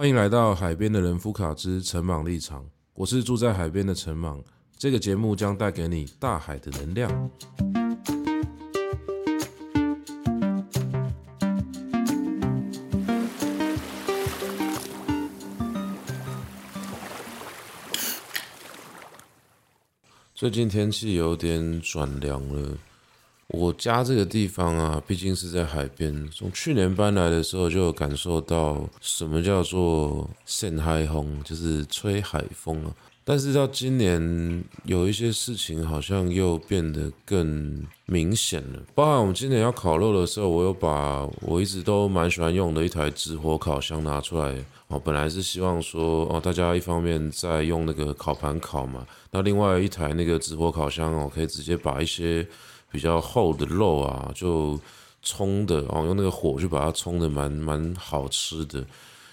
歡迎來到海邊的人夫卡之陳茻立場，我是住在海邊的陳茻。這個節目將帶給你大海的能量。最近天氣有點轉涼了。我家這個地方啊，畢竟是在海邊。從去年搬來的時候，就有感受到什麼叫做“鹹海風”，就是吹海風啊。但是到今年，有一些事情好像又變得更明顯了。包含我們今年要烤肉的時候，我又把我一直都蠻喜歡用的一台直火烤箱拿出來。哦，本來是希望說，哦，大家一方面在用那個烤盤烤嘛，那另外一台那個直火烤箱我、哦、可以直接把一些。比較厚的肉啊，就衝的哦、啊，用那個火去把它衝的蠻蠻好吃的，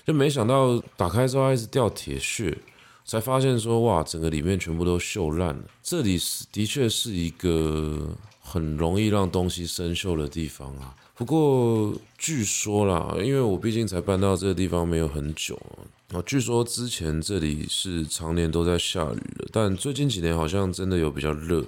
就沒想到打開之後還是掉鐵屑，才發現說哇，整個裡面全部都鏽爛了。這裡是的確是一個很容易讓東西生鏽的地方啊。不過據說啦，因為我畢竟才搬到這個地方沒有很久啊，啊，據說之前這裡是常年都在下雨的，但最近幾年好像真的有比較熱。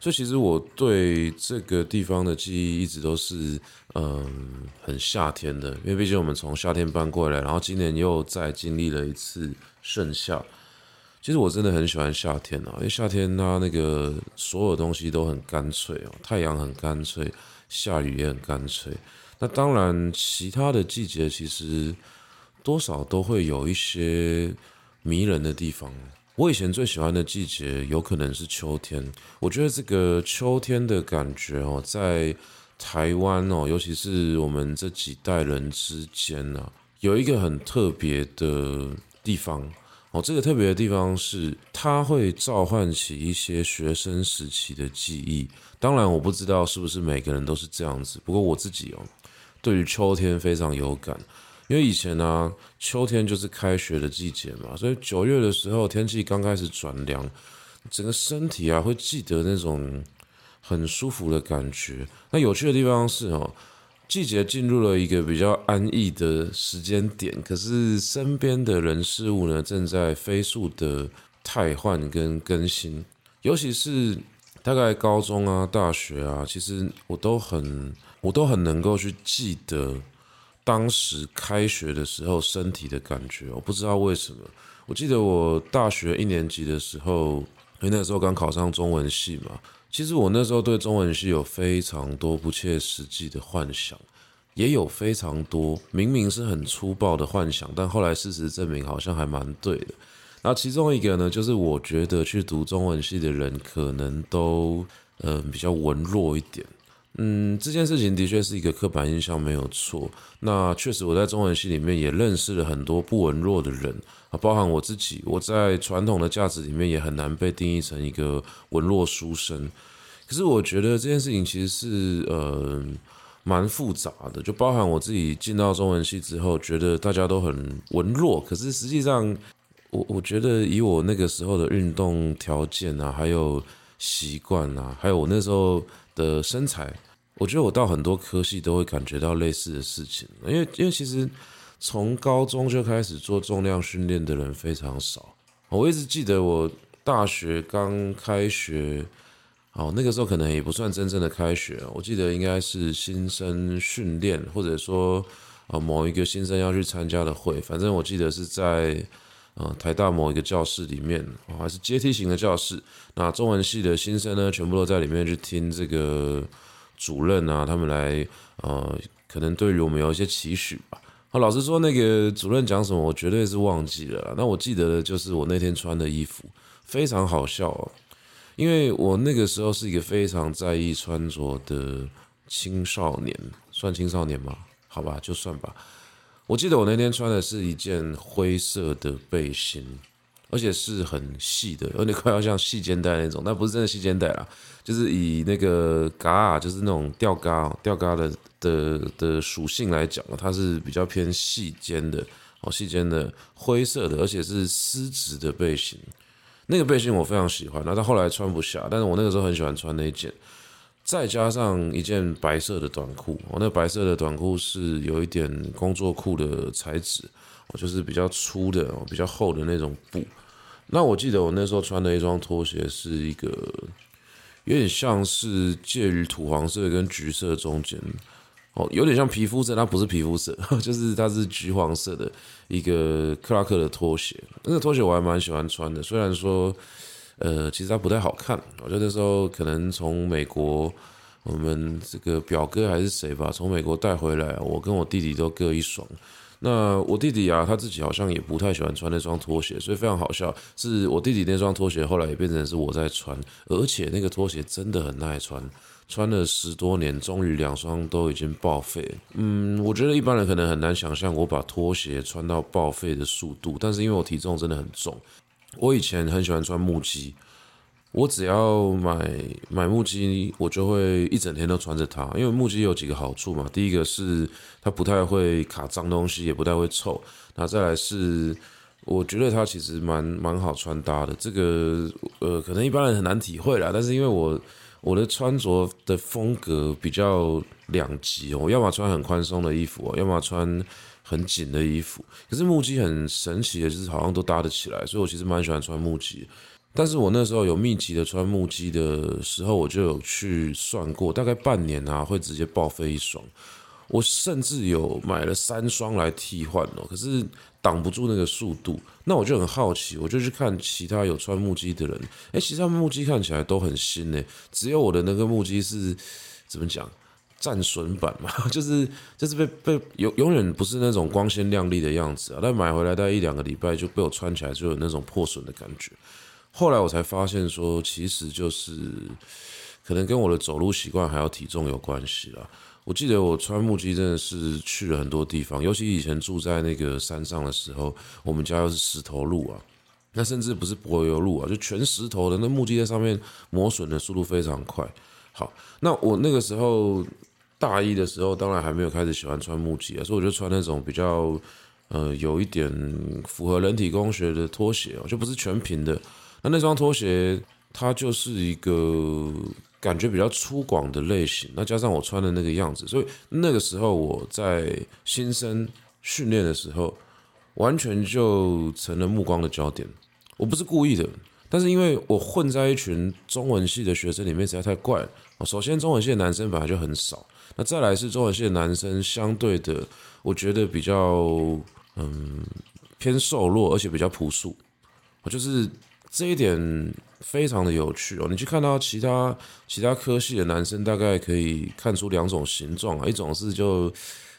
所以其實我對這個地方的記憶一直都是，嗯，很夏天的，因為畢竟我們從夏天搬過來，然後今年又再經歷了一次盛夏。其實我真的很喜歡夏天哦、啊，因為夏天它那個所有東西都很乾脆、哦，太陽很乾脆，下雨也很乾脆。那當然，其他的季節其實多少都會有一些迷人的地方。我以前最喜歡的季節有可能是秋天。我覺得這個秋天的感覺哦，在台灣哦，尤其是我們這幾代人之間呢，有一個很特別的地方哦。這個特別的地方是，它會召喚起一些學生時期的記憶。當然，我不知道是不是每個人都是這樣子。不過我自己哦，對於秋天非常有感。因為以前呢、啊，秋天就是開學的季節嘛，所以九月的時候，天氣剛開始轉涼，整個身體啊會記得那種很舒服的感覺。那有趣的地方是哦，季節進入了一個比較安逸的時間點，可是身邊的人事物呢，正在飛速的汰換跟更新，尤其是大概高中啊、大學啊，其實我都很我都很能夠去記得。當時開學的時候，身體的感覺，我不知道為什麼。我記得我大學一年級的時候，因為那時候剛考上中文系嘛。其實我那時候對中文系有非常多不切實際的幻想，也有非常多明明是很粗暴的幻想，但後來事實證明好像還蠻對的。那其中一個呢，就是我覺得去讀中文系的人可能都，嗯、呃，比較文弱一點。嗯，這件事情的確是一個刻板印象，沒有錯。那確實，我在中文系裡面也認識了很多不文弱的人啊，包含我自己。我在傳統的價值裡面也很難被定義成一個文弱書生。可是，我覺得這件事情其實是呃蠻複雜的，就包含我自己進到中文系之後，覺得大家都很文弱。可是實際上，我我覺得以我那個時候的運動條件啊，還有習慣啊，還有我那時候的身材，我覺得我到很多科系都會感覺到類似的事情，因為因為其實從高中就開始做重量訓練的人非常少。我一直記得我大學剛開學，哦，那個時候可能也不算真正的開學，我記得應該是新生訓練，或者說某一個新生要去參加的會，反正我記得是在。呃，台大某一個教室裡面，哦，還是階梯型的教室。那中文系的新生呢，全部都在裡面去聽這個主任啊，他們來，呃，可能對於我們有一些期許吧。好，哦，老實說，那個主任講什麼，我絕對是忘記了。那我記得的就是我那天穿的衣服，非常好笑哦，因為我那個時候是一個非常在意穿着的青少年，算青少年嗎？好吧，就算吧。我記得我那天穿的是一件灰色的背心，而且是很細的，有點快要像細肩帶那種，但不是真的細肩帶啦，就是以那個嘎啊，就是那種吊嘎、吊嘎的的的屬性來講，它是比較偏細肩的，哦，細肩的灰色的，而且是絲質的背心，那個背心我非常喜歡，那但後來穿不下，但是我那個時候很喜歡穿那一件。再加上一件白色的短褲，我那白色的短褲是有一點工作褲的材質，就是比較粗的、比較厚的那種布。那我記得我那時候穿的一雙拖鞋是一個，有點像是介於土黃色跟橘色中間，哦，有點像皮膚色，它不是皮膚色，就是它是橘黃色的一個克拉克的拖鞋。那個拖鞋我還蠻喜歡穿的，雖然說。呃，其實它不太好看。我覺得那時候可能從美國，我們這個表哥還是誰吧，從美國帶回來，我跟我弟弟都各一雙。那我弟弟啊，他自己好像也不太喜歡穿那雙拖鞋，所以非常好笑。是我弟弟那雙拖鞋後來也變成是我在穿，而且那個拖鞋真的很耐穿，穿了十多年，終於兩雙都已經報廢。嗯，我覺得一般人可能很難想象我把拖鞋穿到報廢的速度，但是因為我體重真的很重。我以前很喜歡穿木屐，我只要買買木屐，我就會一整天都穿着它。因為木屐有幾個好處嘛，第一個是它不太會卡髒東西，也不太會臭。那再來是，我覺得它其實蠻蠻好穿搭的。這個呃，可能一般人很難體會啦，但是因為我。我的穿着的風格比較兩極哦，我要麼穿很寬鬆的衣服，要麼穿很緊的衣服。可是木屐很神奇的，就是好像都搭得起來，所以我其實蠻喜歡穿木屐。但是我那時候有密集的穿木屐的時候，我就有去算過，大概半年啊，會直接報廢一雙。我甚至有買了三雙來替換哦，可是擋不住那個速度。那我就很好奇，我就去看其他有穿木屐的人。誒，其實他們木屐看起來都很新呢，欸，只有我的那個木屐是，怎麼講，戰損版嘛，就是就是被被永永遠不是那種光鮮亮麗的樣子啊。但買回來大概一兩個禮拜就被我穿起來就有那種破損的感覺。後來我才發現說，其實就是可能跟我的走路習慣還有體重有關係了。我記得我穿木屐真的是去了很多地方，尤其以前住在那個山上的時候，我們家又是石頭路啊，那甚至不是柏油路啊，就全石頭的，那木屐在上面磨損的速度非常快。好，那我那個時候大一的時候，當然還沒有開始喜歡穿木屐啊，所以我就穿那種比較，呃，有一點符合人體工學的拖鞋，哦，就不是全平的。那那雙拖鞋它就是一個。感覺比較粗獷的類型，那加上我穿的那個樣子，所以那個時候我在新生訓練的時候，完全就成了目光的焦點。我不是故意的，但是因為我混在一群中文系的學生裡面實在太怪了。首先，中文系的男生本來就很少，那再來是中文系的男生相對的，我覺得比較，嗯，偏瘦弱，而且比較樸素。我就是。這一點非常的有趣哦，你去看到其他其他科系的男生，大概可以看出兩種形狀啊，一種是就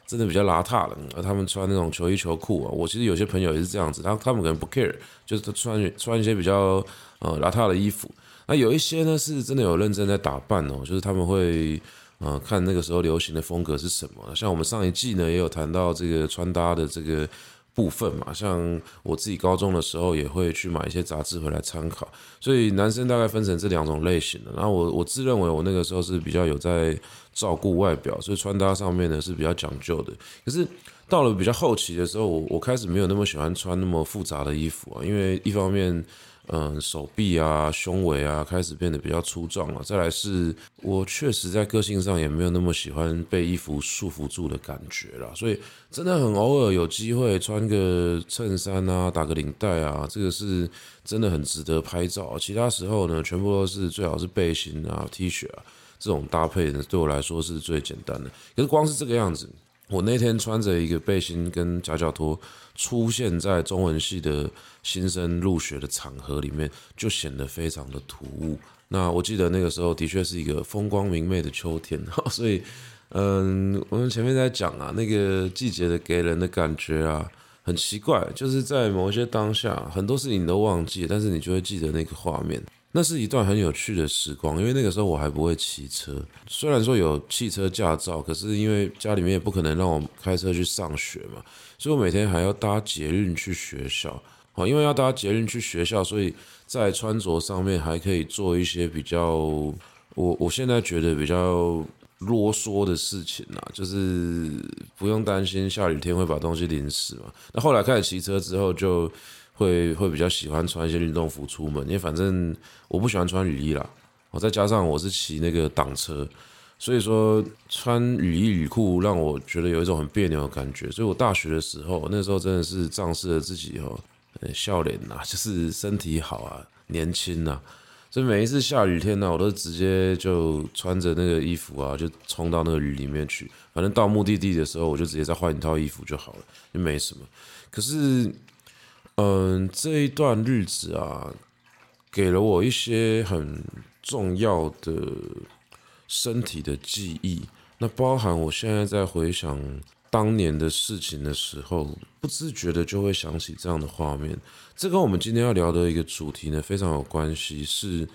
真的比較邋遢了，而他們穿那種球衣球褲啊。我其實有些朋友也是這樣子，他他們可能不 care，就是他穿穿一些比較呃邋遢的衣服。那有一些呢是真的有認真在打扮哦，就是他們會呃看那個時候流行的風格是什麼，像我們上一季呢也有談到這個穿搭的這個。部分嘛，像我自己高中的時候也會去買一些雜誌回來參考，所以男生大概分成這兩種類型的。然後我我自認為我那個時候是比較有在照顧外表，所以穿搭上面呢是比較講究的。可是到了比較後期的時候，我我開始沒有那麼喜歡穿那麼複雜的衣服啊，因為一方面。嗯，手臂啊，胸圍啊，開始變得比較粗壯了。再來是，我確實在個性上也沒有那麼喜歡被衣服束縛住的感覺啦。所以，真的很偶爾有機會穿個襯衫啊，打個領帶啊，這個是真的很值得拍照。其他時候呢，全部都是最好是背心啊、T 恤啊這種搭配呢，對我來說是最簡單的。可是光是這個樣子，我那天穿着一個背心跟夾腳拖。出現在中文系的新生入學的場合裡面，就顯得非常的突兀。那我記得那個時候的確是一個風光明媚的秋天，所以，嗯，我們前面在講啊，那個季節的給人的感覺啊，很奇怪，就是在某一些當下，很多事情你都忘記，但是你就會記得那個畫面。那是一段很有趣的時光，因為那個時候我還不會騎車，雖然說有汽車駕照，可是因為家裡面也不可能讓我開車去上學嘛。所以我每天還要搭捷運去學校，因為要搭捷運去學校，所以在穿着上面還可以做一些比較，我我現在覺得比較囉嗦的事情啦，就是不用擔心下雨天會把東西淋濕嘛。那後來開始騎車之後，就會會比較喜歡穿一些運動服出門，因為反正我不喜歡穿雨衣啦，我再加上我是騎那個檔車。所以說，穿雨衣雨褲讓我覺得有一種很別扭的感覺。所以我大學的時候，那時候真的是仗勢了自己哦，笑臉吶，就是身體好啊，年輕吶、啊，所以每一次下雨天呢、啊，我都直接就穿着那個衣服啊，就衝到那個雨裡面去。反正到目的地的時候，我就直接再換一套衣服就好了，也沒什麼。可是，嗯、呃，這一段日子啊，給了我一些很重要的。身體的記憶，那包含我現在在回想當年的事情的時候，不自覺的就會想起這樣的畫面。這跟我們今天要聊的一個主題呢，非常有關係，是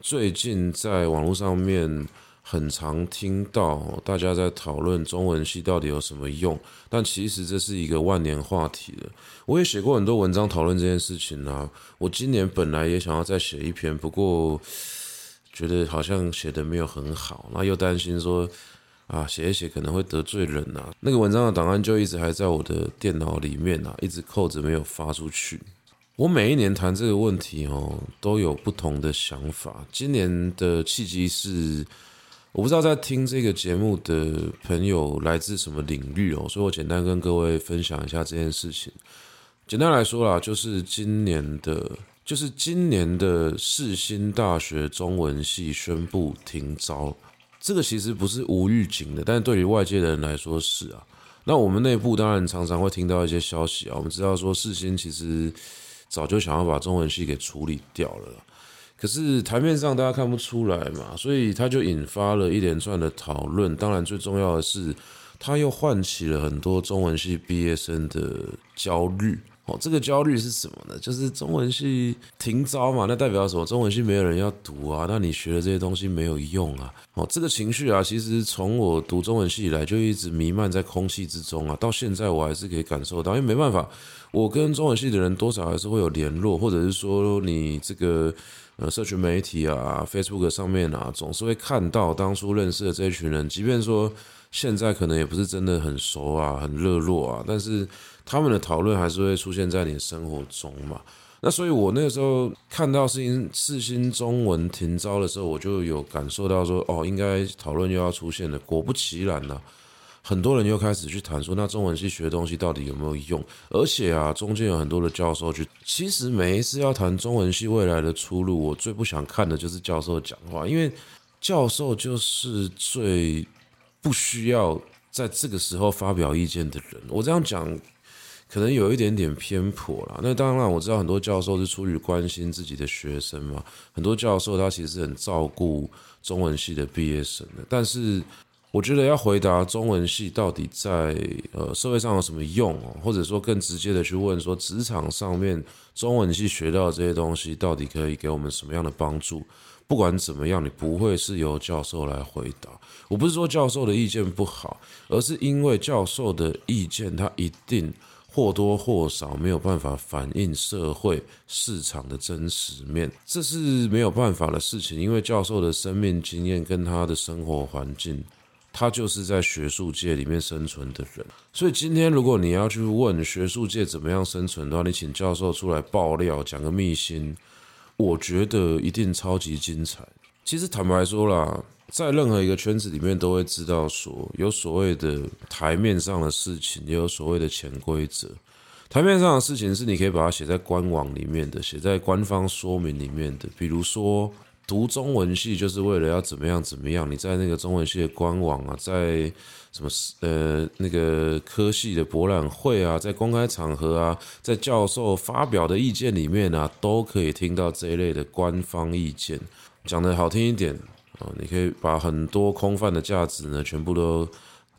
最近在網絡上面很常聽到大家在討論中文系到底有什麼用，但其實這是一個萬年話題了。我也寫過很多文章討論這件事情呢、啊。我今年本來也想要再寫一篇，不過。覺得好像寫得沒有很好，那又擔心說，啊，寫一寫可能會得罪人吶。那個文章的檔案就一直還在我的電腦裡面吶，一直扣着沒有發出去。我每一年談這個問題哦，都有不同的想法。今年的契機是，我不知道在聽這個節目的朋友來自什麼領域哦，所以我簡單跟各位分享一下這件事情。簡單來說啦，就是今年的。就是今年的世新大學中文系宣布停招，這個其實不是無預警的，但是對於外界的人來說是啊。那我們內部當然常常會聽到一些消息啊，我們知道說世新其實早就想要把中文系給處理掉了，可是台面上大家看不出來嘛，所以他就引發了一連串的討論。當然最重要的是，他又喚起了很多中文系畢業生的焦慮。哦，這個焦慮是什麼呢？就是中文系停招嘛，那代表什麼？中文系沒有人要讀啊，那你學的這些東西沒有用啊。哦，這個情緒啊，其實從我讀中文系以來就一直彌漫在空氣之中啊，到現在我還是可以感受到，因為沒辦法，我跟中文系的人多少還是會有聯絡，或者是說你這個呃，社群媒體啊，Facebook 上面啊，總是會看到當初認識的這一群人，即便說，現在可能也不是真的很熟啊，很熱絡啊，但是他們的討論還是會出現在你的生活中嘛。那所以我那個時候看到世新世新中文停招的時候，我就有感受到說，哦，應該討論又要出現了。果不其然呢、啊，很多人又開始去談說，那中文系學的東西到底有沒有用？而且啊，中間有很多的教授去。其實每一次要談中文系未來的出路，我最不想看的就是教授講話，因為教授就是最。不需要在這個時候發表意見的人，我這樣講，可能有一點點偏頗了。那當然，我知道很多教授是出於關心自己的學生嘛。很多教授他其實是很照顧中文系的畢業生的。但是，我覺得要回答中文系到底在呃社會上有什麼用哦，或者說更直接的去問說，職場上面中文系學到的這些東西到底可以給我們什麼樣的幫助？不管怎麼樣，你不會是由教授來回答。我不是說教授的意見不好，而是因為教授的意見，他一定或多或少沒有辦法反映社會市場的真實面，這是沒有辦法的事情。因為教授的生命經驗跟他的生活環境，他就是在學術界裡面生存的人。所以今天如果你要去問學術界怎麼樣生存的話，你請教授出來爆料，講個秘辛。我覺得一定超級精彩。其實坦白說啦，在任何一個圈子裡面，都會知道說有所謂的台面上的事情，也有所謂的潛規則。台面上的事情是你可以把它寫在官網裡面的，寫在官方說明裡面的。比如說，讀中文系就是為了要怎麼樣怎麼樣，你在那個中文系的官網啊，在。什麼？呃，那個科系的博覽會啊，在公開場合啊，在教授發表的意見裡面啊，都可以聽到這一類的官方意見。講得好聽一點啊，哦，你可以把很多空泛的價值呢，全部都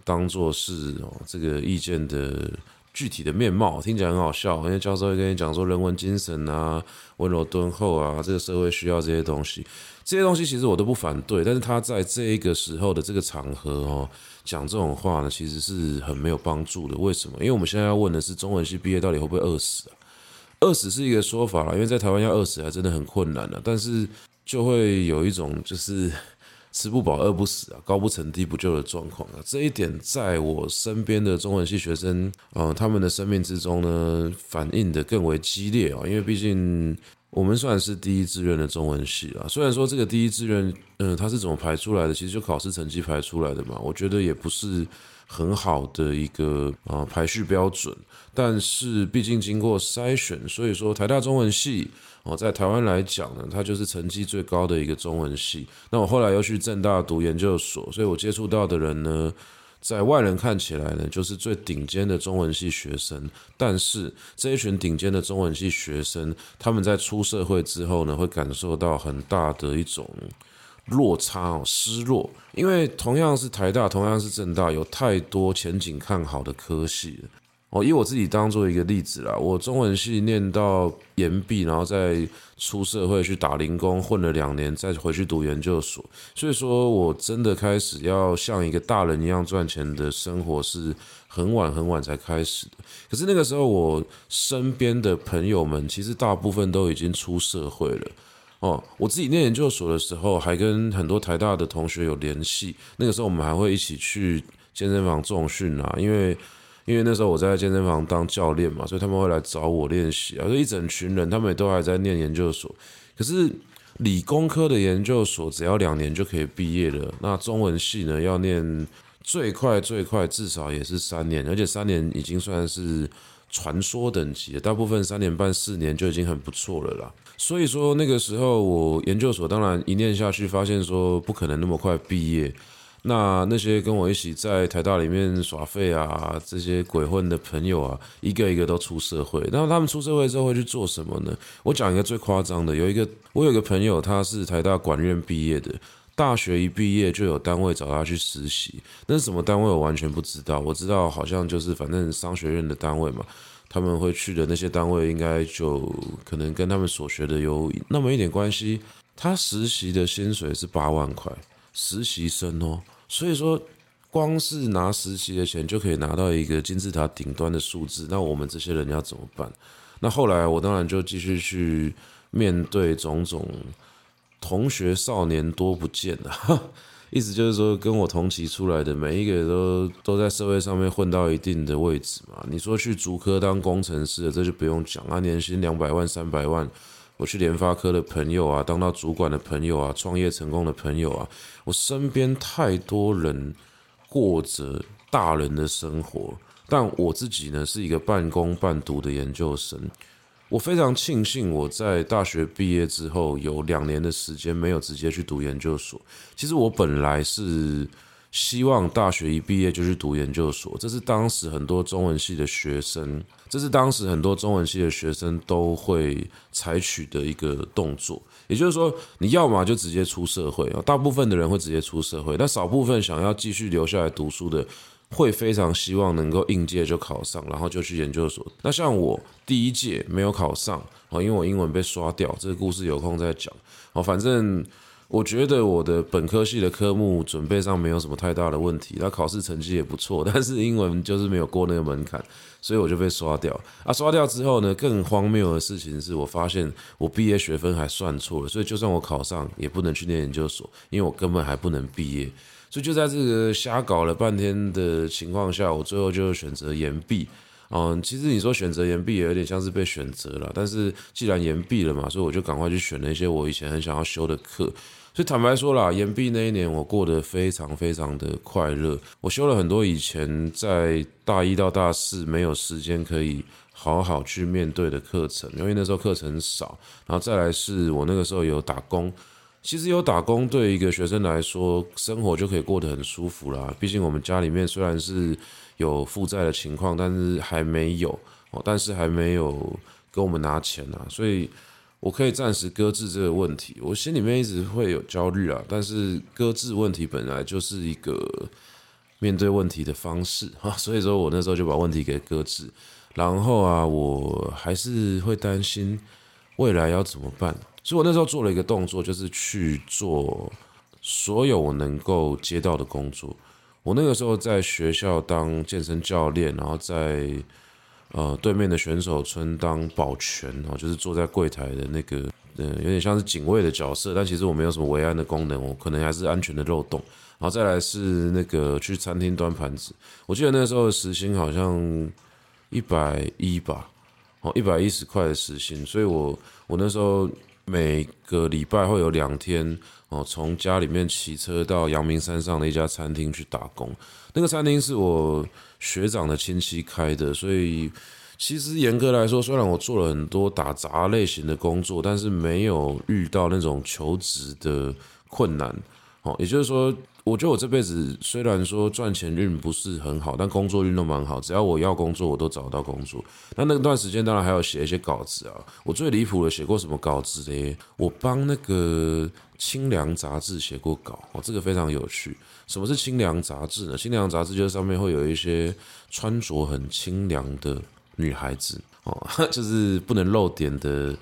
當做是哦，這個意見的具體的面貌聽起來很好笑，因為教授會跟你講說人文精神啊，溫柔敦厚啊，這個社會需要這些東西，這些東西其實我都不反對，但是他在這一個時候的這個場合哦，講這種話呢，其實是很沒有幫助的。為什麼？因為我們現在要問的是，中文系畢業到底會不會餓死啊？餓死是一個說法啦，因為在台灣要餓死還真的很困難了啊，但是就會有一種就是。吃不飽餓不死啊，高不成低不就的狀況啊，這一點在我身邊的中文系學生，呃，他們的生命之中呢，反應得更為激烈啊，因為畢竟我們算是第一志願的中文系啊，雖然說這個第一志願，嗯、呃，它是怎麼排出來的，其實就考試成績排出來的嘛，我覺得也不是。很好的一個呃排序標準，但是畢竟經過篩選，所以說台大中文系哦，在台灣來講呢，它就是成績最高的一個中文系。那我後來又去政大讀研究所，所以我接觸到的人呢，在外人看起來呢，就是最頂尖的中文系學生。但是這一群頂尖的中文系學生，他們在出社會之後呢，會感受到很大的一種。落差哦，失落，因為同樣是台大，同樣是政大，有太多前景看好的科系了哦。以我自己當做一個例子啦，我中文系念到延畢，然後再出社會去打零工，混了兩年，再回去讀研究所。所以說，我真的開始要像一個大人一樣賺錢的生活，是很晚很晚才開始的。可是那個時候，我身邊的朋友們，其實大部分都已經出社會了。哦，我自己念研究所的時候，還跟很多台大的同學有聯繫。那個時候我們還會一起去健身房重訓啊，因為因為那時候我在健身房當教練嘛，所以他們會來找我練習而、啊、一整群人，他們也都還在念研究所。可是理工科的研究所只要兩年就可以畢業了，那中文系呢，要念最快最快至少也是三年，而且三年已經算是。傳說等級，大部分三年半四年就已經很不錯了啦。所以說那個時候，我研究所當然一念下去，發現說不可能那麼快畢業。那那些跟我一起在台大裡面耍廢啊，這些鬼混的朋友啊，一個一個都出社會。然後他們出社會之後會去做什麼呢？我講一個最誇張的，有一個我有個朋友，他是台大管院畢業的。大學一畢業就有單位找他去實習，那什麼單位我完全不知道。我知道好像就是反正商學院的單位嘛，他們會去的那些單位應該就可能跟他們所學的有那麼一點關係。他實習的薪水是八萬塊，實習生哦，所以說光是拿實習的錢就可以拿到一個金字塔頂端的數字。那我們這些人要怎麼辦？那後來我當然就繼續去面對種種。同學少年多不見哈，啊，意思就是說，跟我同期出來的每一個人都都在社會上面混到一定的位置嘛。你說去竹科當工程師的，這就不用講啊，年薪兩百萬、三百萬。我去聯發科的朋友啊，當到主管的朋友啊，創業成功的朋友啊，我身邊太多人過着大人的生活，但我自己呢，是一個半工半讀的研究生。我非常慶幸，我在大學畢業之後有兩年的時間沒有直接去讀研究所。其實我本來是希望大學一畢業就去讀研究所，這是當時很多中文系的學生，這是當時很多中文系的學生都會採取的一個動作。也就是說，你要麼就直接出社會啊，大部分的人會直接出社會，但少部分想要繼續留下來讀書的。會非常希望能夠應屆就考上，然後就去研究所。那像我第一屆沒有考上，因為我英文被刷掉。這個故事有空再講。反正我覺得我的本科系的科目準備上沒有什麼太大的問題，那考試成績也不錯，但是英文就是沒有過那個門檻，所以我就被刷掉。啊，刷掉之後呢，更荒謬的事情是我發現我畢業學分還算錯了，所以就算我考上也不能去念研究所，因為我根本還不能畢業。所以就在這個瞎搞了半天的情況下，我最後就選擇延畢。嗯，其實你說選擇延畢，也有點像是被選擇了。但是既然延畢了嘛，所以我就趕快去選了一些我以前很想要修的課。所以坦白說啦，延畢那一年我過得非常非常的快樂。我修了很多以前在大一到大四沒有時間可以好好去面對的課程，因為那時候課程少。然後再來是我那個時候有打工。其實有打工，對一個學生來說，生活就可以過得很舒服啦。畢竟我們家裡面雖然是有負債的情況，但是還沒有，哦，但是還沒有跟我們拿錢啊。所以，我可以暫時擱置這個問題。我心裡面一直會有焦慮啊，但是擱置問題本來就是一個面對問題的方式啊。所以說我那時候就把問題給擱置，然後啊，我還是會擔心未來要怎麼辦。所以我那時候做了一個動作，就是去做所有我能夠接到的工作。我那個時候在學校當健身教練，然後在呃對面的選手村當保全哦，就是坐在櫃檯的那個，嗯，有點像是警衛的角色，但其實我沒有什麼維安的功能，我可能還是安全的漏洞。然後再來是那個去餐廳端盤子。我記得那個時候的時薪好像一百一吧，哦，一百一十塊的時薪。所以我我那時候。每個禮拜會有兩天，哦，從家裡面騎車到陽明山上的一家餐廳去打工。那個餐廳是我學長的親戚開的，所以其實嚴格來說，雖然我做了很多打雜類型的工作，但是沒有遇到那種求職的困難。哦，也就是說，我覺得我這輩子雖然說賺錢運不是很好，但工作運都蠻好。只要我要工作，我都找到工作。那那段時間當然還有寫一些稿子啊。我最離譜的寫過什麼稿子呢？我幫那個《清涼雜誌》寫過稿，哦，這個非常有趣。什麼是《清涼雜誌》呢？《清涼雜誌》就是上面會有一些穿着很清涼的女孩子哦，就是不能露點的，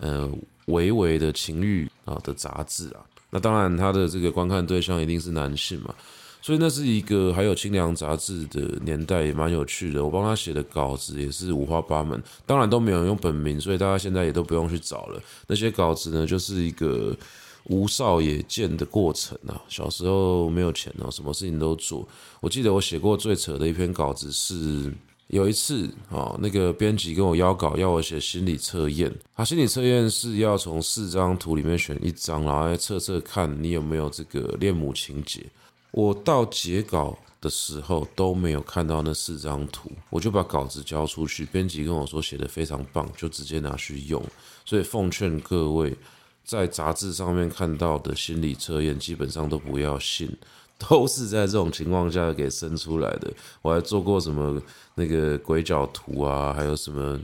呃，微微的情慾啊的雜誌啊。那當然，他的這個觀看對象一定是男性嘛，所以那是一個還有清涼雜誌的年代，也蠻有趣的。我幫他寫的稿子也是五花八門，當然都沒有用本名，所以大家現在也都不用去找了。那些稿子呢，就是一個吳少爺見的過程啊。小時候沒有錢哦、啊，什麼事情都做。我記得我寫過最扯的一篇稿子是。有一次啊，那個編輯跟我邀稿，要我寫心理測驗。他心理測驗是要從四張圖裡面選一張，然後測測看你有沒有這個戀母情結。我到截稿的時候都沒有看到那四張圖，我就把稿子交出去。編輯跟我說寫得非常棒，就直接拿去用。所以奉勸各位，在雜誌上面看到的心理測驗，基本上都不要信。都是在這種情況下給生出來的。我還做過什麼那個鬼腳圖啊，還有什麼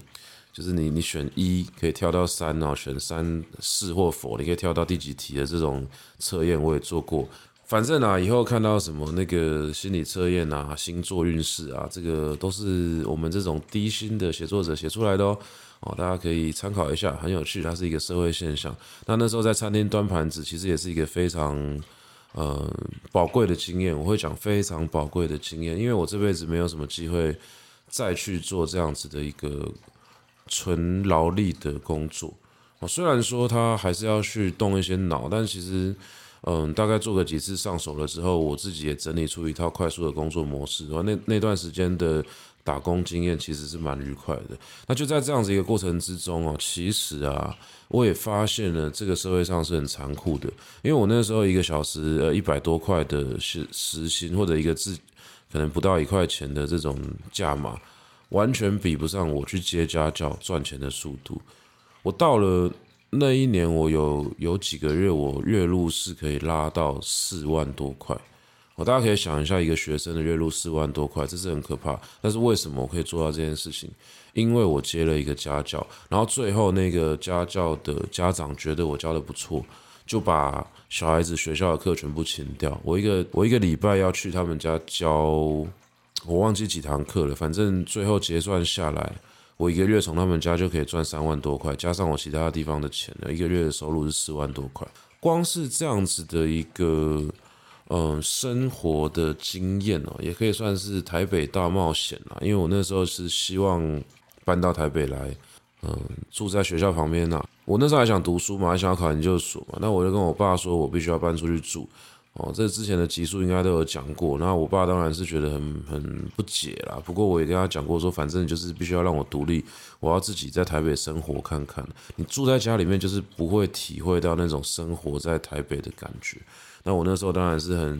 就是你你選一可以跳到三哦；選三四或否你可以跳到第幾題的這種測驗，我也做過。反正啊，以後看到什麼那個心理測驗啊、星座運勢啊，這個都是我們這種低薪的寫作者寫出來的哦、喔喔，大家可以參考一下，很有趣，它是一個社會現象。那那時候在餐廳端盤子其實也是一個非常。呃，寶貴的經驗，我會講非常寶貴的經驗，因為我這輩子沒有什麼機會再去做這樣子的一個純勞力的工作。我、哦、雖然說他還是要去動一些腦，但其實，嗯、呃，大概做個幾次上手了之後，我自己也整理出一套快速的工作模式。然後那那段時間的。打工經驗其實是蠻愉快的，那就在這樣子一個過程之中哦，其實啊，我也發現了這個社會上是很殘酷的，因為我那時候一個小時呃一百多塊的時薪，或者一個字可能不到一塊錢的這種價碼，完全比不上我去接家教賺錢的速度。我到了那一年，我有有幾個月我月入是可以拉到四萬多塊。我大家可以想一下，一個學生的月入四萬多塊，這是很可怕。但是為什麼我可以做到這件事情？因為我接了一個家教，然後最後那個家教的家長覺得我教得不錯，就把小孩子學校的課全部清掉。我一個我一個禮拜要去他們家教，我忘記幾堂課了。反正最後結算下來，我一個月從他們家就可以賺三萬多塊，加上我其他地方的錢呢，一個月的收入是四萬多塊。光是這樣子的一個。嗯、呃，生活的經驗哦、喔，也可以算是台北大冒險啦。因為我那時候是希望搬到台北來，嗯、呃，住在學校旁邊啦。我那時候還想讀書嘛，還想要考研究所嘛。那我就跟我爸說，我必須要搬出去住。哦、呃，這個、之前的集數應該都有講過。那我爸當然是覺得很很不解啦。不過我也跟他講過，說反正就是必須要讓我獨立，我要自己在台北生活看看。你住在家裡面，就是不會體會到那種生活在台北的感覺。那我那時候當然是很，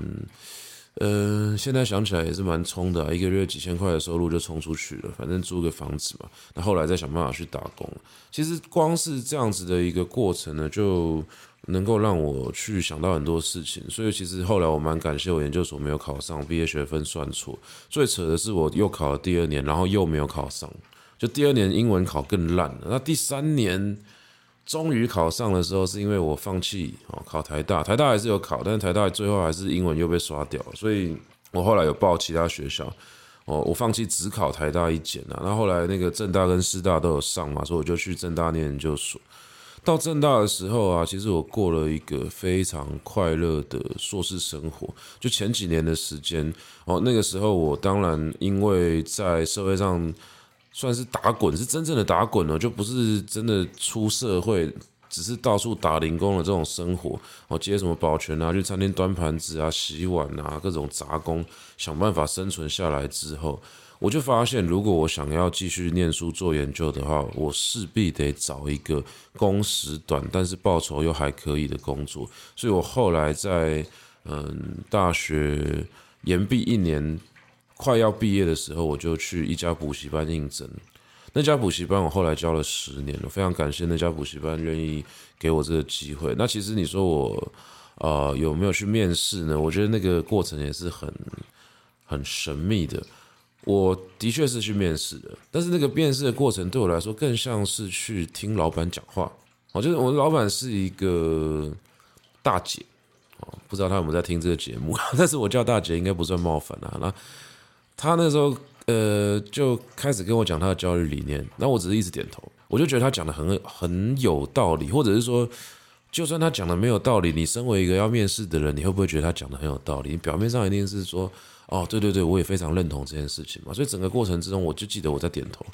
嗯、呃，現在想起來也是蠻衝的，啊，一個月幾千塊的收入就衝出去了，反正租個房子嘛。那後，後來再想辦法去打工。其實光是這樣子的一個過程呢，就能夠讓我去想到很多事情。所以其實後來我蠻感謝我研究所沒有考上，畢業學分算錯。最扯的是我又考了第二年，然後又沒有考上，就第二年英文考更爛了。那第三年。終於考上的時候，是因為我放棄哦，考台大，台大還是有考，但是台大最後還是英文又被刷掉了，所以我後來有報其他學校，哦，我放棄只考台大一間啦，啊。然後後來那個政大跟師大都有上嘛，所以我就去政大念，就說到政大的時候啊，其實我過了一個非常快樂的碩士生活，就前幾年的時間，哦，那個時候我當然因為在社會上。算是打滾，是真正的打滾、哦、就不是真的出社會，只是到處打零工的這種生活。我、哦、接什麼保全啊，去餐廳端盤子啊、洗碗啊，各種雜工，想辦法生存下來之後，我就發現，如果我想要繼續念書做研究的話，我勢必得找一個工時短但是報酬又還可以的工作。所以我後來在嗯、呃、大學延畢一年。快要畢業的時候，我就去一家補習班應徵。那家補習班我後來教了十年了，非常感謝那家補習班願意給我這個機會。那其實你說我，啊，有沒有去面試呢？我覺得那個過程也是很很神秘的。我的確是去面試的，但是那個面試的過程對我來說，更像是去聽老闆講話。我就是我的老闆是一個大姐，哦，不知道他有沒有在聽這個節目。但是我叫大姐應該不算冒犯啊。那他那時候，呃，就開始跟我講他的教育理念，然後我只是一直點頭，我就覺得他講的很很有道理，或者是說，就算他講的沒有道理，你身為一個要面試的人，你會不會覺得他講的很有道理？你表面上一定是說，哦，對對對，我也非常認同這件事情嘛。所以整個過程之中，我就記得我在點頭，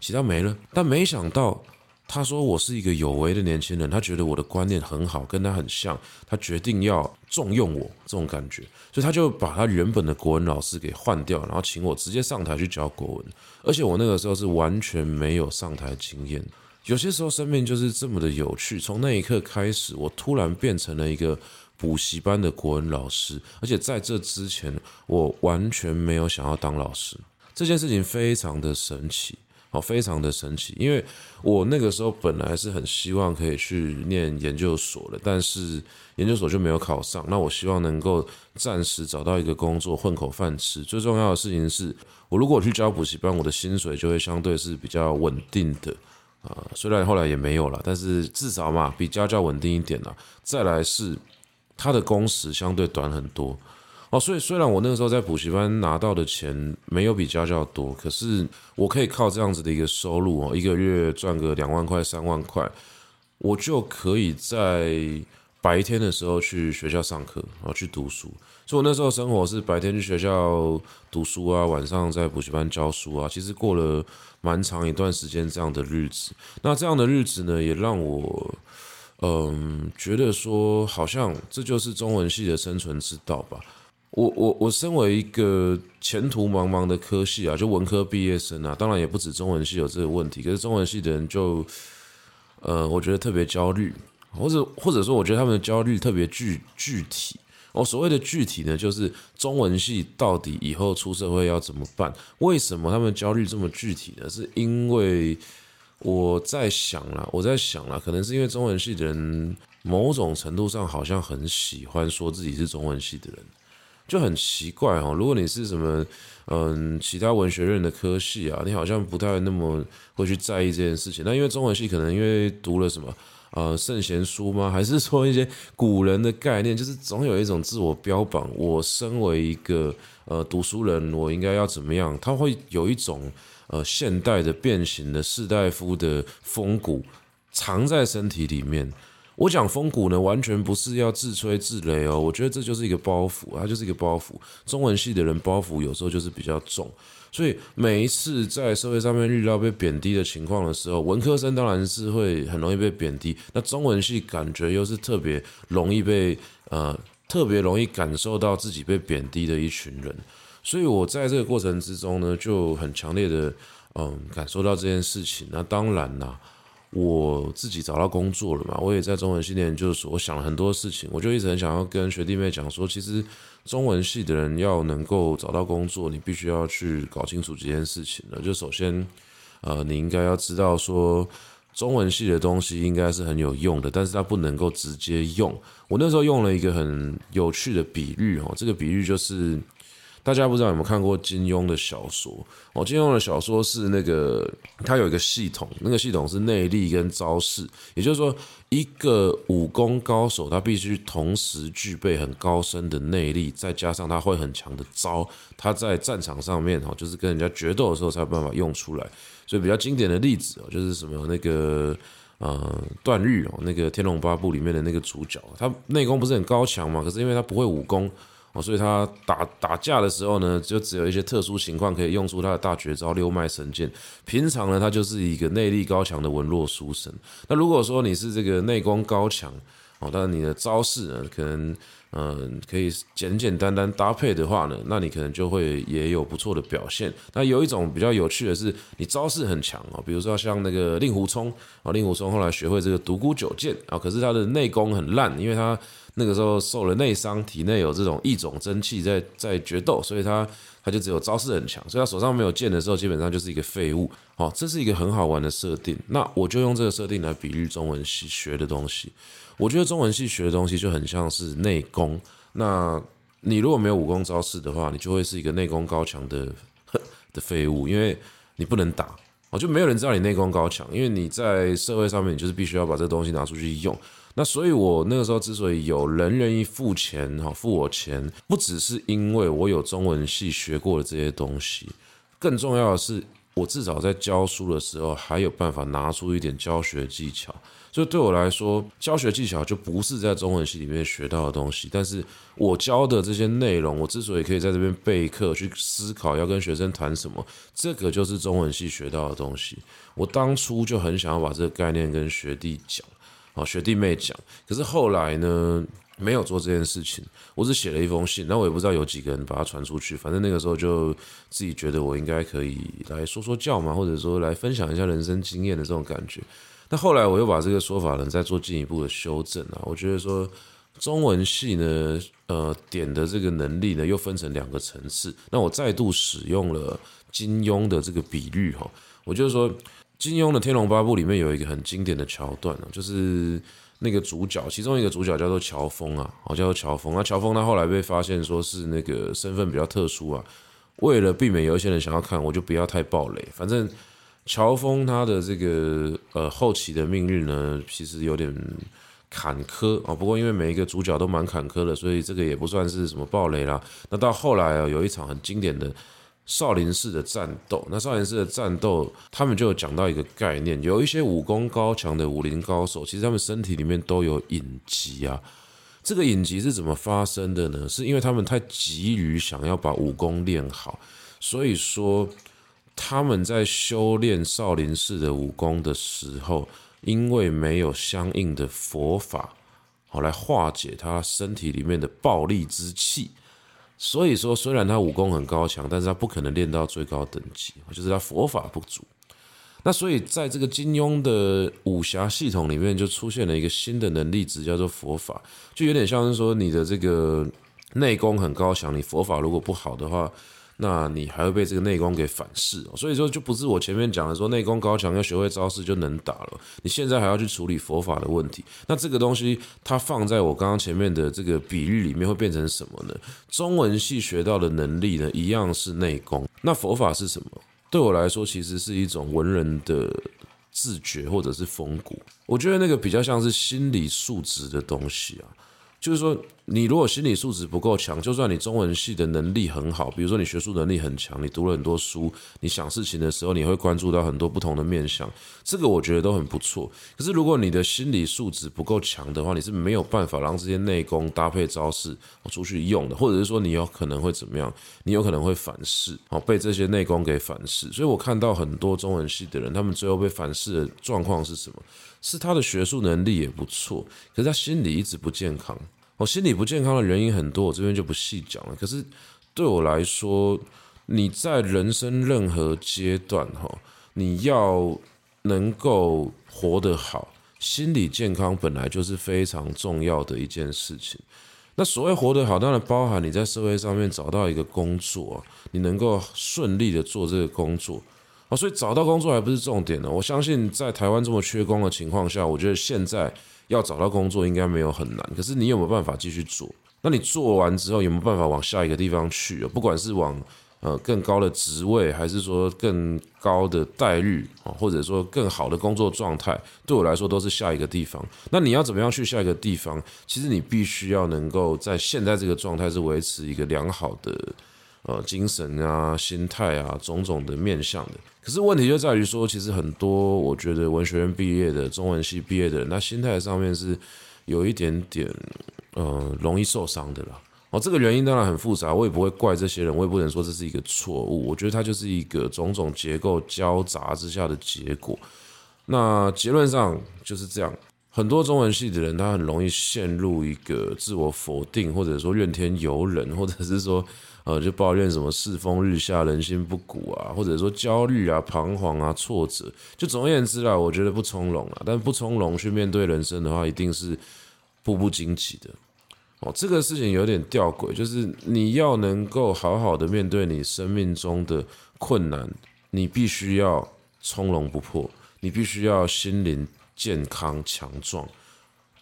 其他沒了。但沒想到。他說我是一個有為的年輕人，他覺得我的觀念很好，跟他很像，他決定要重用我這種感覺，所以他就把他原本的國文老師給換掉，然後請我直接上台去教國文，而且我那個時候是完全沒有上台經驗，有些時候生命就是這麼的有趣，從那一刻開始，我突然變成了一個補習班的國文老師，而且在這之前我完全沒有想要當老師，這件事情非常的神奇。非常的神奇，因為我那個時候本來是很希望可以去念研究所的，但是研究所就沒有考上。那我希望能夠暫時找到一個工作，混口飯吃。最重要的事情是，我如果去教補習班，我的薪水就會相對是比較穩定的啊、呃。雖然後來也沒有了，但是至少嘛，比家教穩定一點了。再來是他的工時相對短很多。哦，所以雖然我那個時候在補習班拿到的錢沒有比家教多，可是我可以靠這樣子的一個收入哦，一個月賺個兩萬塊、三萬塊，我就可以在白天的時候去學校上課啊，去讀書。所以，我那時候生活是白天去學校讀書啊，晚上在補習班教書啊。其實過了蠻長一段時間這樣的日子，那這樣的日子呢，也讓我嗯、呃、覺得說，好像這就是中文系的生存之道吧。我我我身為一個前途茫茫的科系啊，就文科畢業生啊，當然也不止中文系有這個問題，可是中文系的人就，呃，我覺得特別焦慮，或者或者說，我覺得他們的焦慮特別具具體。我、哦、所謂的具體呢，就是中文系到底以後出社會要怎麼辦？為什麼他們焦慮這麼具體呢？是因為我在想啦，我在想啦，可能是因為中文系的人某種程度上好像很喜歡說自己是中文系的人。就很奇怪哦，如果你是什麼嗯、呃、其他文學院的科系啊，你好像不太那麼會去在意這件事情。那因為中文系可能因為讀了什麼呃聖賢書嗎？還是說一些古人的概念，就是總有一種自我標榜，我身為一個呃讀書人，我應該要怎麼樣？他會有一種呃現代的變形的士大夫的風骨藏在身體裡面。我講風骨呢，完全不是要自吹自擂哦。我覺得這就是一個包袱啊，它就是一個包袱。中文系的人包袱有時候就是比較重，所以每一次在社會上面遇到被貶低的情況的時候，文科生當然是會很容易被貶低。那中文系感覺又是特別容易被呃，特別容易感受到自己被貶低的一群人。所以我在這個過程之中呢，就很強烈的嗯、呃，感受到這件事情啊。那當然啦啊。我自己找到工作了嘛，我也在中文系念研究所，就是說我想了很多事情，我就一直很想要跟學弟妹講說，其實中文系的人要能夠找到工作，你必須要去搞清楚這件事情了。就首先，呃，你應該要知道說，中文系的東西應該是很有用的，但是它不能夠直接用。我那時候用了一個很有趣的比喻哦，這個比喻就是。大家不知道有沒有看過金庸的小說？哦，金庸的小說是那個，他有一個系統，那個系統是內力跟招式。也就是說，一個武功高手，他必須同時具備很高深的內力，再加上他會很強的招，他在戰場上面哦，就是跟人家決鬥的時候才有辦法用出來。所以比較經典的例子哦，就是什麼那個呃段譽哦，那個《天龍八部》裡面的那個主角，他內功不是很高強嗎？可是因為他不會武功。所以他打打架的時候呢，就只有一些特殊情況可以用出他的大絕招六脈神劍。平常呢，他就是一個內力高強的文弱書生。那如果說你是這個內功高強，哦，但是你的招式呢，可能。嗯，可以簡簡單單搭配的話呢，那你可能就會也有不錯的表現。那有一種比較有趣的是，你招式很強哦，比如說像那個令狐沖啊，哦，令狐沖後來學會這個獨孤九劍啊，哦，可是他的內功很爛，因為他那個時候受了內傷，體內有這種異種真氣在在決鬥，所以他他就只有招式很強，所以他手上沒有劍的時候，基本上就是一個廢物哦。這是一個很好玩的設定，那我就用這個設定來比喻中文系學的東西。我覺得中文系學的東西就很像是內功，那你如果沒有武功招式的話，你就會是一個內功高強的的廢物，因為你不能打，就沒有人知道你內功高強，因為你在社會上面，你就是必須要把這個東西拿出去用。那所以我那個時候之所以有人願意付錢哈付我錢，不只是因為我有中文系學過的這些東西，更重要的是。我至少在教書的時候，還有辦法拿出一點教學技巧，所以對我來說，教學技巧就不是在中文系裡面學到的東西。但是我教的這些內容，我之所以可以在這邊備課去思考要跟學生談什麼，這個就是中文系學到的東西。我當初就很想要把這個概念，跟學弟講，啊，學弟妹講。可是後來呢，沒有做這件事情，我只寫了一封信，那我也不知道有幾個人把它傳出去。反正那個時候就自己覺得我應該可以來說說教嘛，或者說來分享一下人生經驗的這種感覺。那後來我又把這個說法呢再做進一步的修正啊，我覺得說中文系呢，呃，點的這個能力呢又分成兩個層次。那我再度使用了金庸的這個比喻哈、哦，我就是說金庸的《天龍八部》裡面有一個很經典的橋段、啊、就是。那個主角，其中一個主角叫做喬峰啊，哦，叫做喬峰、啊。那喬峰他後來被發現說是那個身份比較特殊啊，為了避免有一些人想要看，我就不要太爆雷。反正喬峰他的這個呃後期的命運呢，其實有點坎坷啊、哦。不過因為每一個主角都蠻坎坷的，所以這個也不算是什麼爆雷啦。那到後來啊、哦，有一場很經典的。少林寺的戰鬥，那少林寺的戰鬥，他們就有講到一個概念，有一些武功高強的武林高手，其實他們身體裡面都有隱疾啊。這個隱疾是怎麼發生的呢？是因為他們太急於想要把武功練好，所以說他們在修煉少林寺的武功的時候，因為沒有相應的佛法，好來化解他身體裡面的暴戾之氣。所以說，雖然他武功很高強，但是他不可能練到最高等級，就是他佛法不足。那所以，在這個金庸的武俠系統裡面，就出現了一個新的能力值，叫做佛法，就有點像是說你的這個內功很高強，你佛法如果不好的話。那你還會被這個內功給反噬喔，所以說就不是我前面講的說內功高強，要學會招式就能打了。你現在還要去處理佛法的問題，那這個東西它放在我剛剛前面的這個比喻裡面會變成什麼呢？中文系學到的能力呢，一樣是內功。那佛法是什麼？對我來說，其實是一種文人的自覺或者是風骨。我覺得那個比較像是心理素質的東西啊。就是說，你如果心理素質不夠強，就算你中文系的能力很好，比如說你學術能力很強，你讀了很多書，你想事情的時候，你會關注到很多不同的面向，這個我覺得都很不錯。可是如果你的心理素質不夠強的話，你是沒有辦法讓這些內功搭配招式出去用的，或者是說你有可能會怎麼樣？你有可能會反噬，哦，被這些內功給反噬。所以我看到很多中文系的人，他們最後被反噬的狀況是什麼？是他的學術能力也不錯，可是他心理一直不健康。我心理不健康的原因很多，我這邊就不細講了。可是對我來說，你在人生任何階段，哈，你要能夠活得好，心理健康本來就是非常重要的一件事情。那所謂活得好，當然包含你在社會上面找到一個工作，你能夠順利的做這個工作啊。所以找到工作還不是重點呢。我相信在台灣這麼缺工的情況下，我覺得現在。要找到工作應該沒有很難，可是你有沒有辦法繼續做？那你做完之後有沒有辦法往下一個地方去？不管是往呃更高的職位，還是說更高的待遇，或者說更好的工作狀態，對我來說都是下一個地方。那你要怎麼樣去下一個地方？其實你必須要能夠在現在這個狀態是維持一個良好的。呃，精神啊，心態啊，種種的面向的。可是問題就在於說，其實很多我覺得文學院畢業的、中文系畢業的人，他心態上面是有一點點，呃，容易受傷的啦。哦，這個原因當然很複雜，我也不會怪這些人，我也不能說這是一個錯誤。我覺得他就是一個種種結構交雜之下的結果。那結論上就是這樣，很多中文系的人，他很容易陷入一個自我否定，或者說怨天尤人，或者是說……呃，就抱怨什麼世風日下、人心不古啊，或者說焦慮啊、彷徨啊、挫折，就總而言之啦，我覺得不從容啊。但不從容去面對人生的話，一定是步步荊棘的。哦，這個事情有點弔詭，就是你要能夠好好的面對你生命中的困難，你必須要從容不迫，你必須要心靈健康強壯。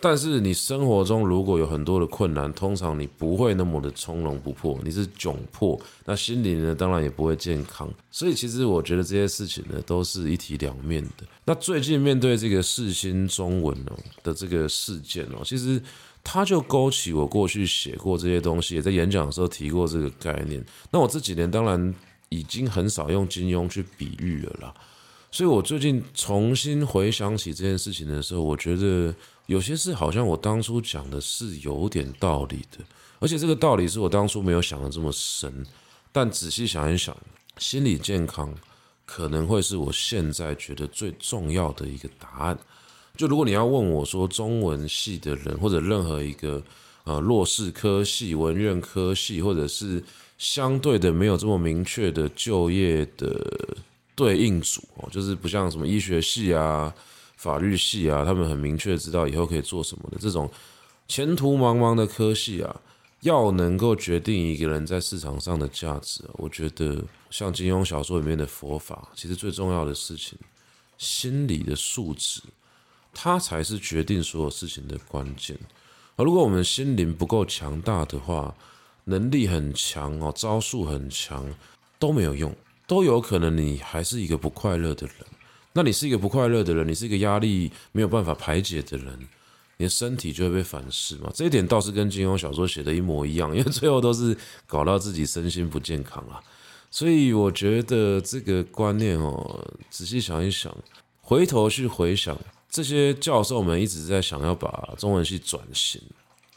但是你生活中如果有很多的困難，通常你不會那麼的從容不迫，你是窘迫，那心理呢，當然也不會健康。所以其實我覺得這些事情呢，都是一體兩面的。那最近面對這個世新中文哦，的這個事件哦，其實它就勾起我過去寫過這些東西，也在演講的時候提過這個概念。那我這幾年當然已經很少用金庸去比喻了啦，所以我最近重新回想起這件事情的時候，我覺得。有些事好像我當初講的是有點道理的，而且這個道理是我當初沒有想得這麼深。但仔細想一想，心理健康可能會是我現在覺得最重要的一個答案。就如果你要問我說，中文系的人或者任何一個呃弱勢科系、文院科系，或者是相對的沒有這麼明確的就業的對應組哦，就是不像什麼醫學系啊。法律系啊，他們很明確知道以後可以做什麼的。這種前途茫茫的科系啊，要能夠決定一個人在市場上的價值。我覺得，像金庸小說裡面的佛法，其實最重要的事情，心理的素質，它才是決定所有事情的關鍵。而如果我們心靈不夠強大的話，能力很強哦，招數很強，都沒有用，都有可能你還是一個不快樂的人。那你是一個不快樂的人，你是一個壓力沒有辦法排解的人，你的身體就會被反噬嘛。這一點倒是跟金庸小說寫的一模一樣，因為最後都是搞到自己身心不健康啊。所以我覺得這個觀念哦，仔細想一想，回頭去回想，這些教授們一直在想要把中文系轉型，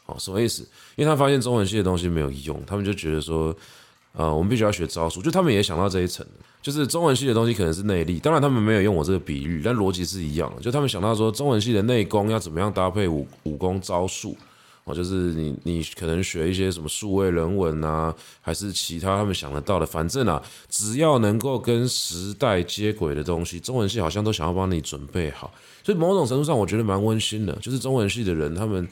哦，什麼意思？因為他發現中文系的東西沒有用，他們就覺得說。呃，我們必須要學招數，就他們也想到這一層，就是中文系的東西可能是內力，當然他們沒有用我這個比喻，但邏輯是一樣的，就他們想到說中文系的內功要怎麼樣搭配武武功招數，哦，就是你你可能學一些什麼數位人文啊，還是其他他們想得到的，反正啊，只要能夠跟時代接軌的東西，中文系好像都想要幫你準備好，所以某種程度上我覺得蠻溫馨的，就是中文系的人他們。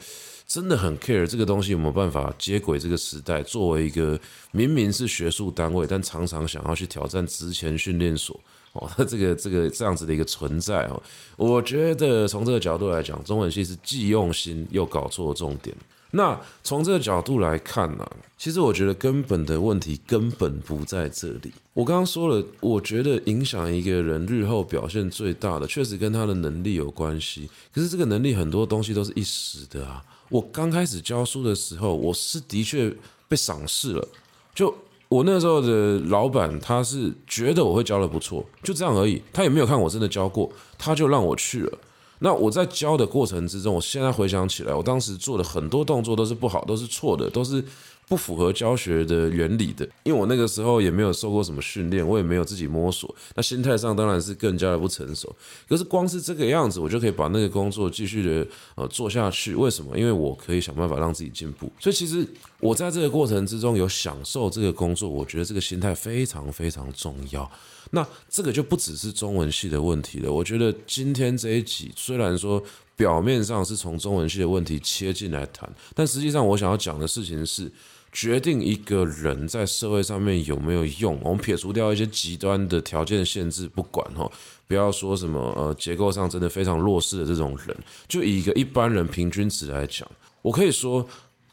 真的很 care 這個東西有沒有辦法接軌這個時代。作為一個明明是學術單位，但常常想要去挑戰職前訓練所哦，他這個這個這樣子的一個存在哦，我覺得從這個角度來講，中文系是既用心又搞錯了重點。那從這個角度來看呢，啊，其實我覺得根本的問題根本不在這裡。我剛剛說了，我覺得影響一個人日後表現最大的，確實跟他的能力有關係。可是這個能力很多東西都是一時的啊。我剛開始教書的時候，我是的確被賞識了。就我那時候的老闆，他是覺得我會教得不錯，就這樣而已。他也沒有看我真的教過，他就讓我去了。那我在教的過程之中，我現在回想起來，我當時做的很多動作都是不好，都是錯的，都是不符合教學的原理的，因為我那個時候也沒有受過什麼訓練，我也沒有自己摸索，那心態上當然是更加的不成熟。可是光是這個樣子，我就可以把那個工作繼續的呃做下去。為什麼？因為我可以想辦法讓自己進步。所以其實我在這個過程之中有享受這個工作，我覺得這個心態非常非常重要。那這個就不只是中文系的問題了。我覺得今天這一集雖然說表面上是從中文系的問題切進來談，但實際上我想要講的事情是。決定一個人在社會上面有沒有用，我們撇除掉一些極端的條件限制，不管哈、哦，不要說什麼呃，結構上真的非常弱勢的這種人，就以一個一般人平均值來講，我可以說，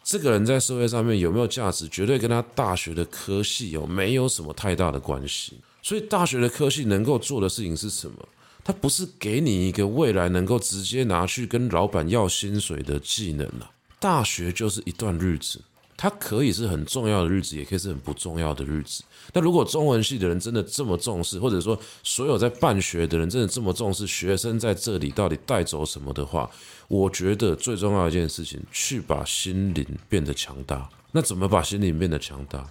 這個人在社會上面有沒有價值，絕對跟他大學的科系有、哦、沒有什麼太大的關係。所以大學的科系能夠做的事情是什麼？它不是給你一個未來能夠直接拿去跟老闆要薪水的技能。大學就是一段日子。它可以是很重要的日子，也可以是很不重要的日子。那如果中文系的人真的這麼重視，或者說所有在辦學的人真的這麼重視學生在這裡到底帶走什麼的話，我覺得最重要的一件事情，去把心靈變得強大。那怎麼把心靈變得強大？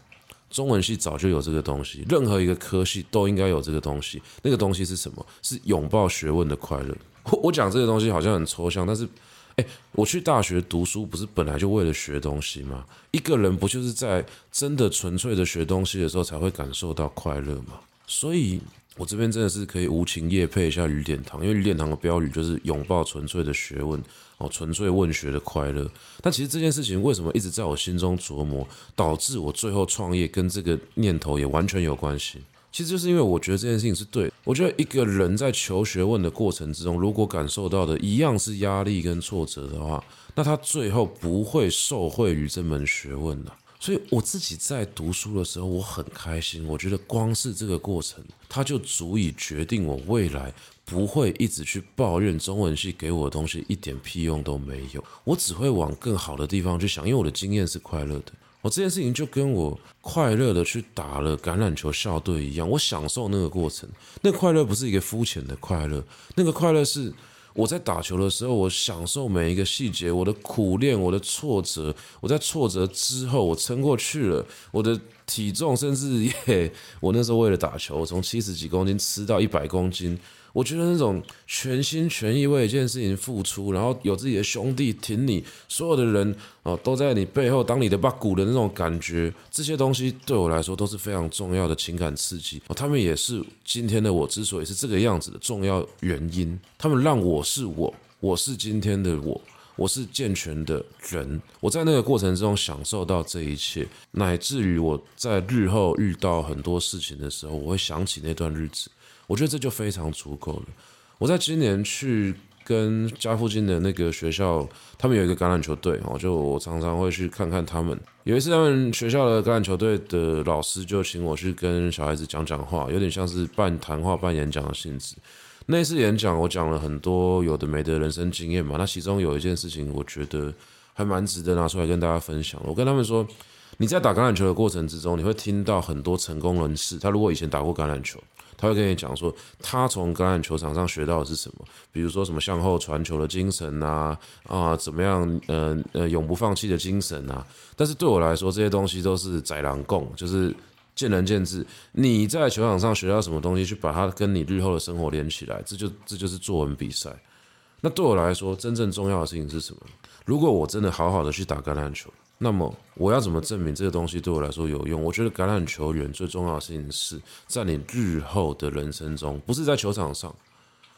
中文系早就有這個東西，任何一個科系都應該有這個東西。那個東西是什麼？是擁抱學問的快樂。我我講這個東西好像很抽象，但是。哎，我去大學讀書不是本來就為了學東西嗎？一個人不就是在真的純粹的學東西的時候才會感受到快樂嗎？所以，我這邊真的是可以無情業配一下與點堂，因為與點堂的標語就是擁抱純粹的學問哦，純粹問學的快樂。但其實這件事情為什麼一直在我心中琢磨，導致我最後創業跟這個念頭也完全有關係。其實就是因為我覺得這件事情是對的，我覺得一個人在求學問的過程之中，如果感受到的一樣是壓力跟挫折的話，那他最後不會受惠於這門學問的。所以我自己在讀書的時候，我很開心，我覺得光是這個過程，它就足以決定我未來不會一直去抱怨中文系給我的東西一點屁用都沒有，我只會往更好的地方去想，因為我的經驗是快樂的。我這件事情就跟我快樂的去打了橄欖球校隊一樣，我享受那個過程，那快樂不是一個膚淺的快樂，那個快樂是我在打球的時候，我享受每一個細節，我的苦練，我的挫折，我在挫折之後我撐過去了，我的體重甚至也，我那時候為了打球，從七十幾公斤吃到一百公斤。我覺得那種全心全意為一件事情付出，然後有自己的兄弟挺你，所有的人哦都在你背後當你的把骨的那種感覺，這些東西對我來說都是非常重要的情感刺激。他們也是今天的我之所以是這個樣子的重要原因。他們讓我是我，我是今天的我，我是健全的人。我在那個過程中享受到這一切，乃至於我在日後遇到很多事情的時候，我會想起那段日子。我覺得這就非常足夠了。我在今年去跟家附近的那個學校，他們有一個橄欖球隊，我就我常常會去看看他們。有一次，他們學校的橄欖球隊的老師就請我去跟小孩子講講話，有點像是半談話半演講的性質。那一次演講，我講了很多有的沒的人生經驗嘛。那其中有一件事情，我覺得還蠻值得拿出來跟大家分享。我跟他們說，你在打橄欖球的過程之中，你會聽到很多成功人士，他如果以前打過橄欖球。他會跟你講說，他從橄欖球場上學到的是什麼？比如說什麼向後傳球的精神啊，啊怎麼樣，呃呃永不放棄的精神啊。但是對我來說，這些東西都是隨人講，就是見仁見智。你在球場上學到什麼東西，去把它跟你日後的生活連起來，這就這就是作文比賽。那對我來說，真正重要的事情是什麼？如果我真的好好的去打橄欖球。那麼我要怎麼證明這個東西對我來說有用？我覺得橄欖球員最重要的事情是在你日後的人生中，不是在球場上，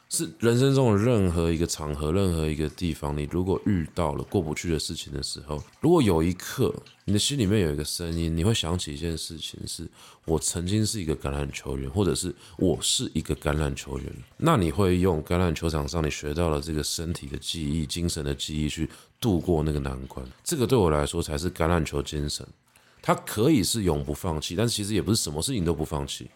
是人生中的任何一個場合、任何一個地方，你如果遇到了過不去的事情的時候，如果有一刻你的心裡面有一個聲音，你會想起一件事情是，是我曾經是一個橄欖球員，或者是我是一個橄欖球員。那你會用橄欖球場上你學到了這個身體的記憶、精神的記憶去度過那個難關。這個對我來說才是橄欖球精神。它可以是永不放棄，但是其實也不是什麼事情都不放棄。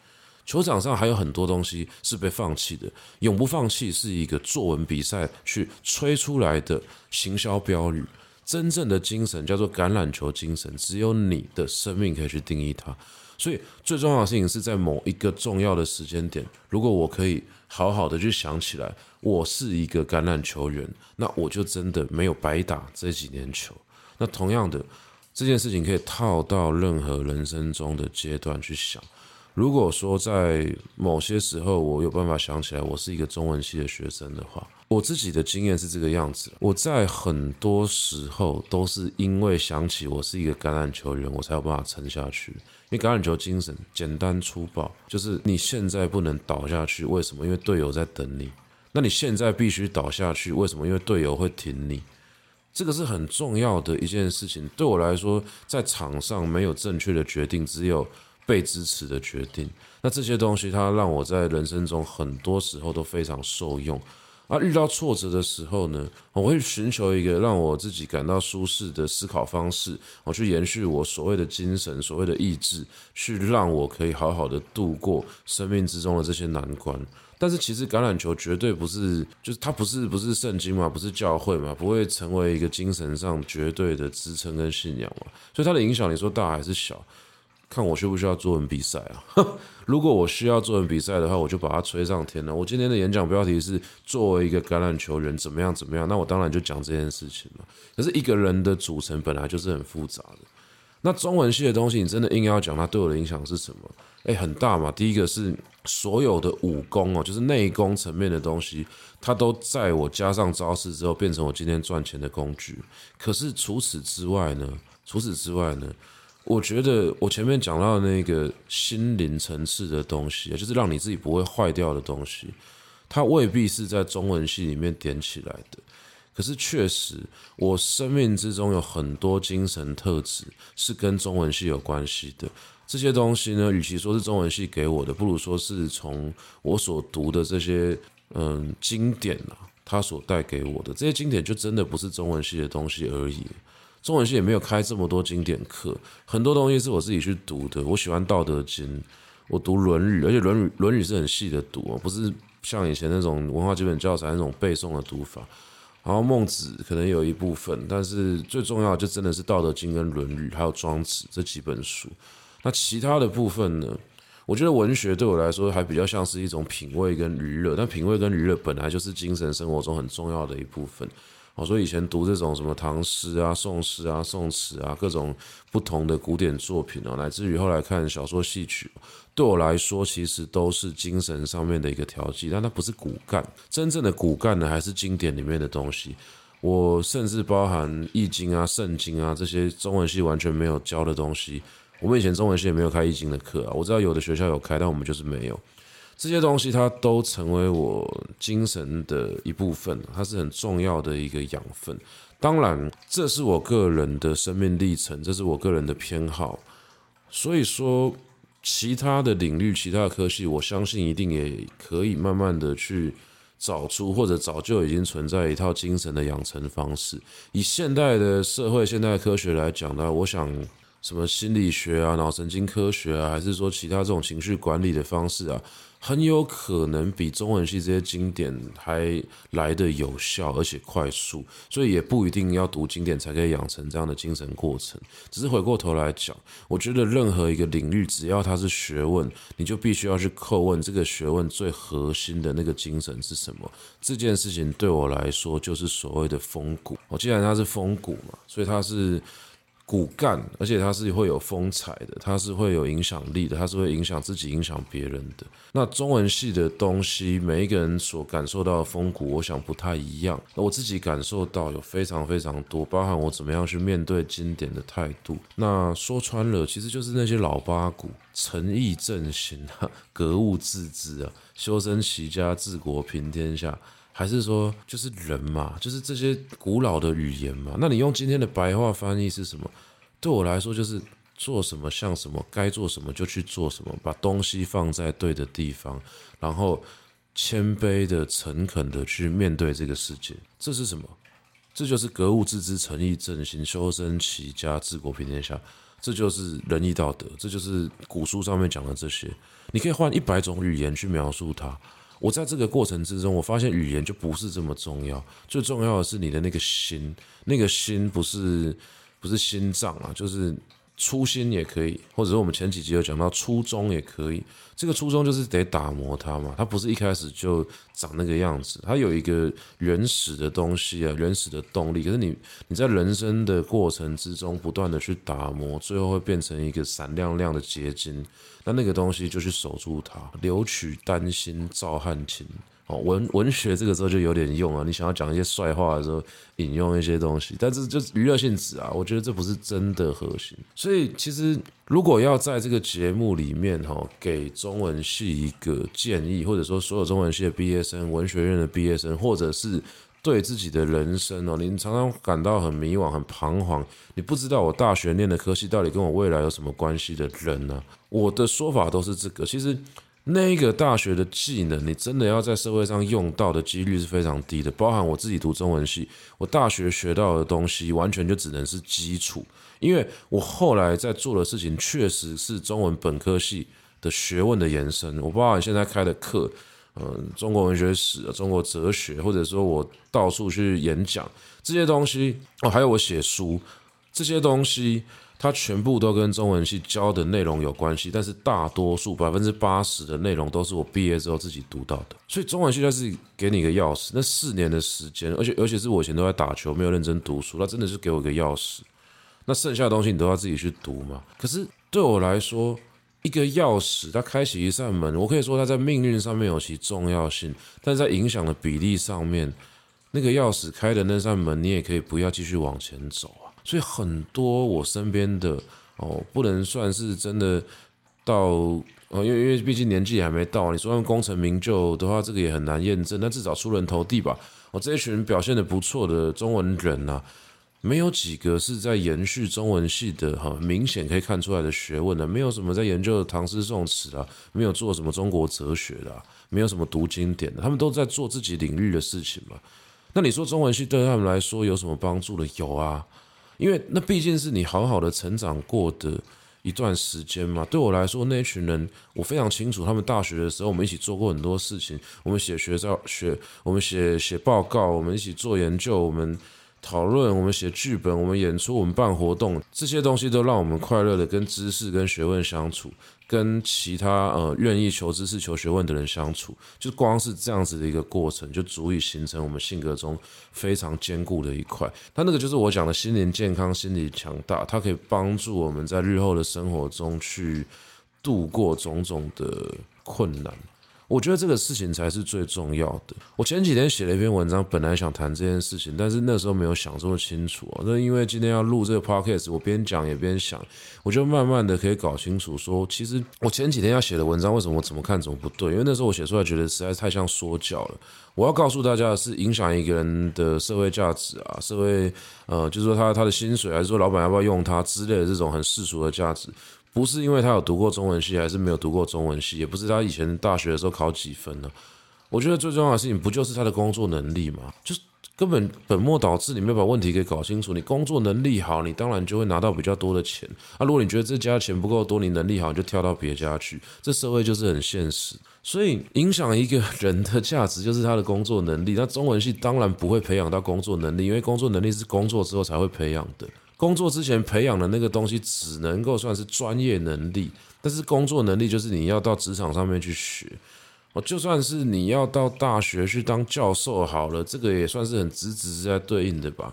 球場上還有很多東西是被放棄的，永不放棄是一個作文比賽去吹出來的行銷標語。真正的精神叫做橄欖球精神，只有你的生命可以去定義它。所以最重要的事情是在某一個重要的時間點，如果我可以好好的去想起來，我是一個橄欖球員，那我就真的沒有白打這幾年球。那同樣的，這件事情可以套到任何人生中的階段去想。如果說在某些時候我有辦法想起來我是一個中文系的學生的話，我自己的經驗是這個樣子，我在很多時候都是因為想起我是一個橄欖球員，我才有辦法撐下去。因為橄欖球精神簡單粗暴，就是你現在不能倒下去，為什麼？因為隊友在等你。那你現在必須倒下去，為什麼？因為隊友會挺你。這個是很重要的一件事情。對我來說，在場上沒有正確的決定，只有被支持的決定，那這些東西它讓我在人生中很多時候都非常受用。而、啊、遇到挫折的時候呢，我會尋求一個讓我自己感到舒適的思考方式，我去延續我所謂的精神、所謂的意志，去讓我可以好好的度過生命之中的這些難關。但是其實橄欖球絕對不是，就是它不是不是聖經嘛，不是教會嘛，不會成為一個精神上絕對的支撐跟信仰嘛，所以它的影響你說大還是小？看我需不需要作文比賽啊？如果我需要作文比賽的話，我就把它吹上天了。我今天的演講標題是作為一個橄欖球員怎麼樣怎麼樣，那我當然就講這件事情了。可是一個人的組成本來就是很複雜的，那中文系的東西你真的硬要講，它對我的影響是什麼？誒，很大嘛。第一個是所有的武功哦、喔，就是內功層面的東西，它都在我加上招式之後變成我今天賺錢的工具。可是除此之外呢？除此之外呢？我覺得我前面講到的那個心靈層次的東西，就是讓你自己不會壞掉的東西，它未必是在中文系裡面點起來的。可是確實，我生命之中有很多精神特質是跟中文系有關係的。這些東西呢，與其說是中文系給我的，不如說是從我所讀的這些嗯、呃、經典啊，它所帶給我的這些經典，就真的不是中文系的東西而已。中文系也沒有開這麼多經典課，很多東西是我自己去讀的。我喜歡《道德經》，我讀《論語》，而且《論語》《論語》是很細的讀，不是像以前那種文化基本教材那種背誦的讀法。然後《孟子》可能有一部分，但是最重要的就真的是《道德經》跟《論語》，還有《莊子》這幾本書。那其他的部分呢？我覺得文學對我來說還比較像是一種品味跟娛樂，但品味跟娛樂本來就是精神生活中很重要的一部分。我說以，以前讀這種什麼唐詩啊、宋詩啊、宋詞啊，啊，各種不同的古典作品哦、啊，乃至於後來看小說、戲曲，對我來說其實都是精神上面的一個調劑，但它不是骨幹。真正的骨幹呢，還是經典裡面的東西。我甚至包含《易經》啊、《聖經》啊這些中文系完全沒有教的東西，我們以前中文系也沒有開《易經》的課啊。我知道有的學校有開，但我們就是沒有。這些東西它都成為我精神的一部分，它是很重要的一個養分。當然，這是我個人的生命歷程，這是我個人的偏好。所以說，其他的領域、其他的科系，我相信一定也可以慢慢的去找出，或者早就已經存在一套精神的養成方式。以現代的社會、現代的科學來講呢，我想什麼心理學啊、腦神經科學啊，還是說其他這種情緒管理的方式啊，很有可能比中文系這些經典還來得有效，而且快速，所以也不一定要讀經典才可以養成這樣的精神過程。只是回過頭來講，我覺得任何一個領域，只要它是學問，你就必須要去叩問這個學問最核心的那個精神是什麼。這件事情對我來說，就是所謂的風骨。我既然它是風骨嘛，所以它是。骨幹，而且它是會有風采的，它是會有影響力的，它是會影響自己、影響別人的。那中文系的東西，每一個人所感受到的風骨，我想不太一樣。那我自己感受到有非常非常多，包含我怎麼樣去面對經典的態度。那說穿了，其實就是那些老八股：誠意正心啊，格物致知啊，修身齊家治國平天下。還是說，就是人嘛，就是這些古老的語言嘛。那你用今天的白話翻譯是什麼？對我來說，就是做什麼像什麼，該做什麼就去做什麼，把東西放在對的地方，然後謙卑的、誠懇的去面對這個世界。這是什麼？這就是格物致知、誠意正心、修身齊家、治國平天下。這就是仁義道德，這就是古書上面講的這些。你可以換一百種語言去描述它。我在這個過程之中，我發現語言就不是這麼重要，最重要的是你的那個心，那個心不是，不是心臟啊，就是。初心也可以，或者是我們前幾集有講到初衷也可以。這個初衷就是得打磨它嘛，它不是一開始就長那個樣子，它有一個原始的東西啊，原始的動力。可是你你在人生的過程之中不斷地去打磨，最後會變成一個閃亮亮的結晶。那那個東西就去守住它，留取丹心照汗青。文文學這個時候就有點用啊，你想要講一些帥話的時候，引用一些東西，但就是就娛樂性質啊，我覺得這不是真的核心。所以其實如果要在這個節目裡面哈、喔，給中文系一個建議，或者說所有中文系的畢業生、文學院的畢業生，或者是對自己的人生哦、喔，你常常感到很迷惘、很彷徨，你不知道我大學念的科系到底跟我未來有什麼關係的人呢、啊？我的說法都是這個，其實。那一個大學的技能，你真的要在社會上用到的幾率是非常低的。包含我自己讀中文系，我大學學到的東西完全就只能是基礎，因為我後來在做的事情確實是中文本科系的學問的延伸。我包含現在開的課，嗯，中國文學史、中國哲學，或者說我到處去演講這些東西，哦，還有我寫書這些東西。它全部都跟中文系教的內容有關係，但是大多數百分之八十的內容都是我畢業之後自己讀到的。所以中文系它是給你一個鑰匙，那四年的時間，而且而且是我以前都在打球，沒有認真讀書，他真的是給我一個鑰匙。那剩下的東西你都要自己去讀嘛。可是對我來說，一個鑰匙它開啟一扇門，我可以說它在命運上面有其重要性，但是在影響的比例上面，那個鑰匙開的那扇門，你也可以不要繼續往前走啊。所以很多我身邊的哦，不能算是真的到、哦、因為因為畢竟年紀還沒到。你說他們功成名就的話，這個也很難驗證。但至少出人頭地吧。我、哦、這一群表現得不錯的中文人吶、啊，沒有幾個是在延續中文系的哈、哦，明顯可以看出來的學問的、啊，沒有什麼在研究唐詩宋詞啊，沒有做什麼中國哲學的、啊，沒有什麼讀經典的，他們都在做自己領域的事情嘛。那你說中文系對他們來說有什麼幫助的？有啊。因為那畢竟是你好好的成長過的一段時間嘛。對我來說，那一群人我非常清楚，他們大學的時候，我們一起做過很多事情。我們寫學校學，我們寫寫報告，我們一起做研究，我們討論，我們寫劇本，我們演出，我們辦活動，這些東西都讓我們快樂地跟知識跟學問相處。跟其他呃願意求知識、求學問的人相處，就光是這樣子的一個過程，就足以形成我們性格中非常堅固的一塊。它那個就是我講的心靈健康，心理強大，它可以幫助我們在日後的生活中去度過種種的困難。我覺得這個事情才是最重要的。我前幾天寫了一篇文章，本來想談這件事情，但是那時候沒有想這麼清楚啊。那因為今天要錄這個 podcast，我邊講也邊想，我就慢慢的可以搞清楚。說其實我前幾天要寫的文章，為什麼我怎麼看怎麼不對？因為那時候我寫出來覺得實在是太像說教了。我要告訴大家的是，影響一個人的社會價值啊，社會呃，就是說他他的薪水，還是說老闆要不要用他之類的這種很世俗的價值。不是因為他有讀過中文系，還是沒有讀過中文系，也不是他以前大學的時候考幾分呢、啊。我覺得最重要的事情，不就是他的工作能力嗎？就是根本本末倒置，你沒有把問題給搞清楚。你工作能力好，你當然就會拿到比較多的錢。啊，如果你覺得這家錢不夠多，你能力好，你就跳到別家去。這社會就是很現實，所以影響一個人的價值就是他的工作能力。那中文系當然不會培養到工作能力，因為工作能力是工作之後才會培養的。工作之前培養的那個東西，只能夠算是專業能力，但是工作能力就是你要到職場上面去學。就算是你要到大學去當教授好了，這個也算是很直直在對應的吧。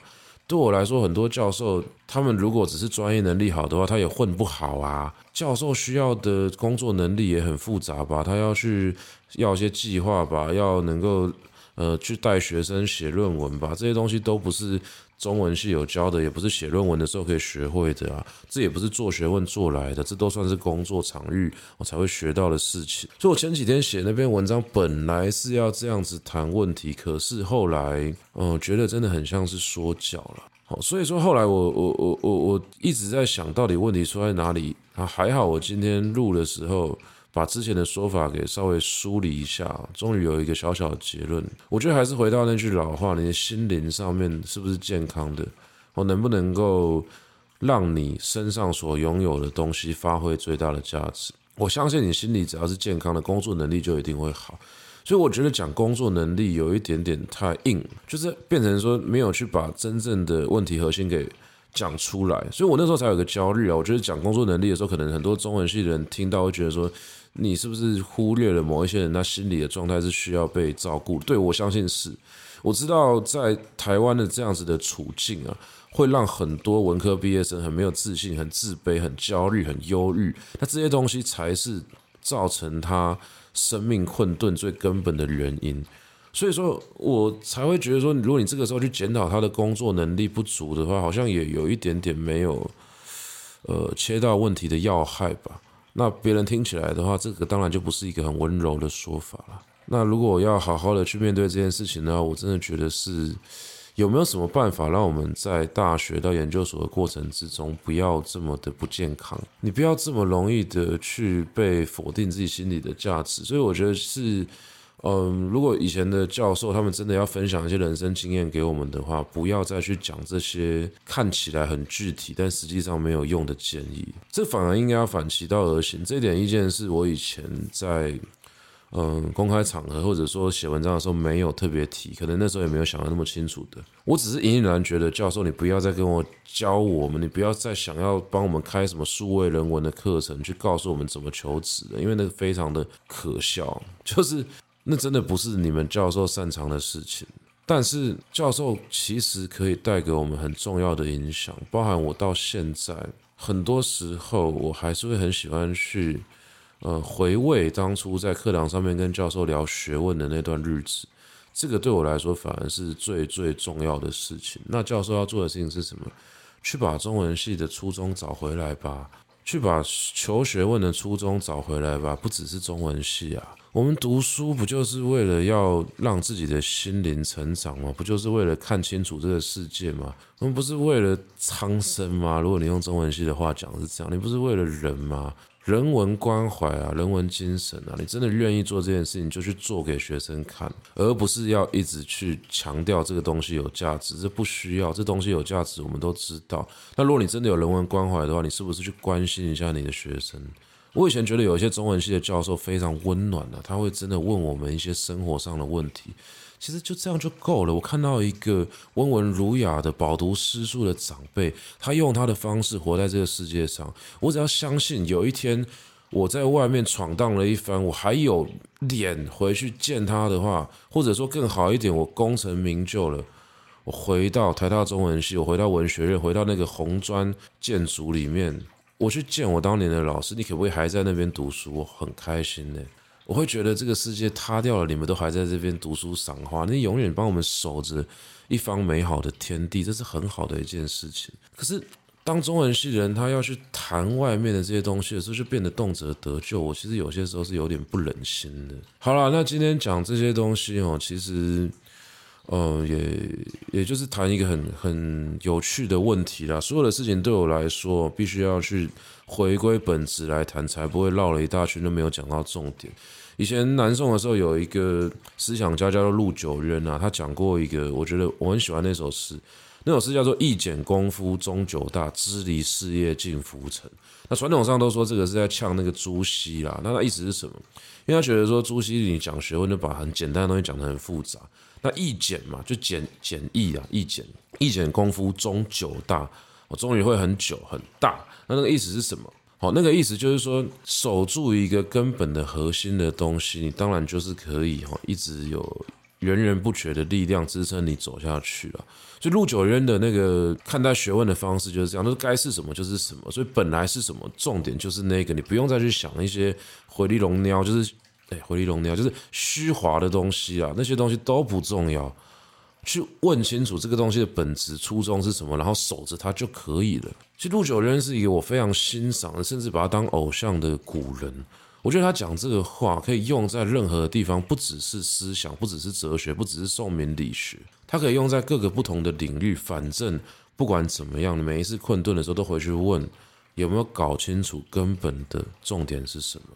對我來說，很多教授他們如果只是專業能力好的話，他也混不好啊。教授需要的工作能力也很複雜吧，他要去要一些計劃吧，要能夠呃去帶學生寫論文吧，這些東西都不是。中文系有教的，也不是寫論文的時候可以學會的啊，這也不是做學問做來的，這都算是工作場域，我才會學到的事情。所以，我前幾天寫那篇文章，本來是要這樣子談問題，可是後來，嗯、呃，覺得真的很像是說教了。好，所以說後來我我我我我一直在想，到底問題出在哪裡啊？還好我今天錄的時候。把之前的說法給稍微梳理一下，終於有一個小小的結論。我覺得還是回到那句老話，你的心靈上面是不是健康的？我能不能夠讓你身上所擁有的東西發揮最大的價值？我相信你心裡只要是健康的，工作能力就一定會好。所以我覺得講工作能力有一點點太硬，就是變成說沒有去把真正的問題核心給講出來。所以我那時候才有個焦慮啊。我覺得講工作能力的時候，可能很多中文系的人聽到會覺得說。你是不是忽略了某一些人，他心理的狀態是需要被照顧？對，我相信是。我知道在台灣的這樣子的處境啊，會讓很多文科畢業生很沒有自信、很自卑、很焦慮、很憂鬱。那這些東西才是造成他生命困頓最根本的原因。所以說我才會覺得說，如果你這個時候去檢討他的工作能力不足的話，好像也有一點點沒有，呃，切到問題的要害吧。那別人聽起來的話，這個當然就不是一個很溫柔的說法了。那如果我要好好的去面對這件事情呢，我真的覺得是有沒有什麼辦法，讓我們在大學到研究所的過程之中，不要這麼的不健康，你不要這麼容易的去被否定自己心裡的價值。所以我覺得是。嗯，如果以前的教授他們真的要分享一些人生經驗給我們的話，不要再去講這些看起來很具體但實際上沒有用的建議。這反而應該要反其道而行。這一點意見是我以前在嗯公開場合或者說寫文章的時候沒有特別提，可能那時候也沒有想得那麼清楚的。我只是隱隱然覺得，教授你不要再跟我教我們，你不要再想要幫我們開什麼數位人文的課程去告訴我們怎麼求職了，因為那個非常的可笑，就是。那真的不是你們教授擅長的事情，但是教授其實可以帶給我們很重要的影響，包含我到現在很多時候，我還是會很喜歡去，呃，回味當初在課堂上面跟教授聊學問的那段日子。這個對我來說反而是最最重要的事情。那教授要做的事情是什麼？去把中文系的初衷找回來吧，去把求學問的初衷找回來吧，不只是中文系啊。我們讀書不就是為了要讓自己的心靈成長嗎？不就是為了看清楚這個世界嗎？我們不是為了蒼生嗎？如果你用中文系的話講是這樣，你不是為了人嗎？人文關懷啊，人文精神啊，你真的願意做這件事情，就去做給學生看，而不是要一直去強調這個東西有價值。這不需要，這東西有價值，我們都知道。那如果你真的有人文關懷的話，你是不是去關心一下你的學生？我以前覺得有一些中文系的教授非常溫暖的啊，他會真的問我們一些生活上的問題。其實就這樣就夠了。我看到一個溫文儒雅的、飽讀詩書的長輩，他用他的方式活在這個世界上。我只要相信，有一天我在外面闖蕩了一番，我還有臉回去見他的話，或者說更好一點，我功成名就了，我回到台大中文系，我回到文學院，回到那個紅磚建築裡面。我去見我當年的老師，你可不可以還在那邊讀書？我很開心呢，我會覺得這個世界塌掉了，你們都還在這邊讀書賞花，你永遠幫我們守着一方美好的天地，這是很好的一件事情。可是，當中文系的人他要去談外面的這些東西的時候，就變得動輒得咎。我其實有些時候是有點不忍心的。好了，那今天講這些東西哦，其實。呃，也也就是談一個很很有趣的問題啦。所有的事情對我來說，必須要去回歸本質來談，才不會繞了一大圈都沒有講到重點。以前南宋的時候，有一個思想家叫做陸九淵啊，他講過一個，我覺得我很喜歡那首詩，那首詩叫做“易簡工夫終久大，支離事業竟浮沉”。那傳統上都說這個是在嗆那個朱熹啦。那他意思是什麼？因為他覺得說朱熹你講學問，就把很簡單的東西講得很複雜。那易簡嘛，就簡簡易啊，易簡，易簡功夫終久大，哦，終於會很久很大。那那個意思是什麼？好，那個意思就是說，守住一個根本的核心的東西，你當然就是可以哦，一直有源源不絕的力量支撐你走下去了。所以陸九淵的那個看待學問的方式就是這樣，那該是什麼就是什麼，所以本來是什麼，重點就是那個，你不用再去想那些回力龍喵，就是。誒，回力龍雕就是虛華的東西啊，那些東西都不重要。去問清楚這個東西的本質初衷是什麼，然後守着它就可以了。其實陸九淵是一個我非常欣賞的，甚至把他當偶像的古人。我覺得他講這個話可以用在任何的地方，不只是思想，不只是哲學，不只是宋明理學，它可以用在各個不同的領域。反正不管怎麼樣，你每一次困頓的時候都回去問，有沒有搞清楚根本的重點是什麼？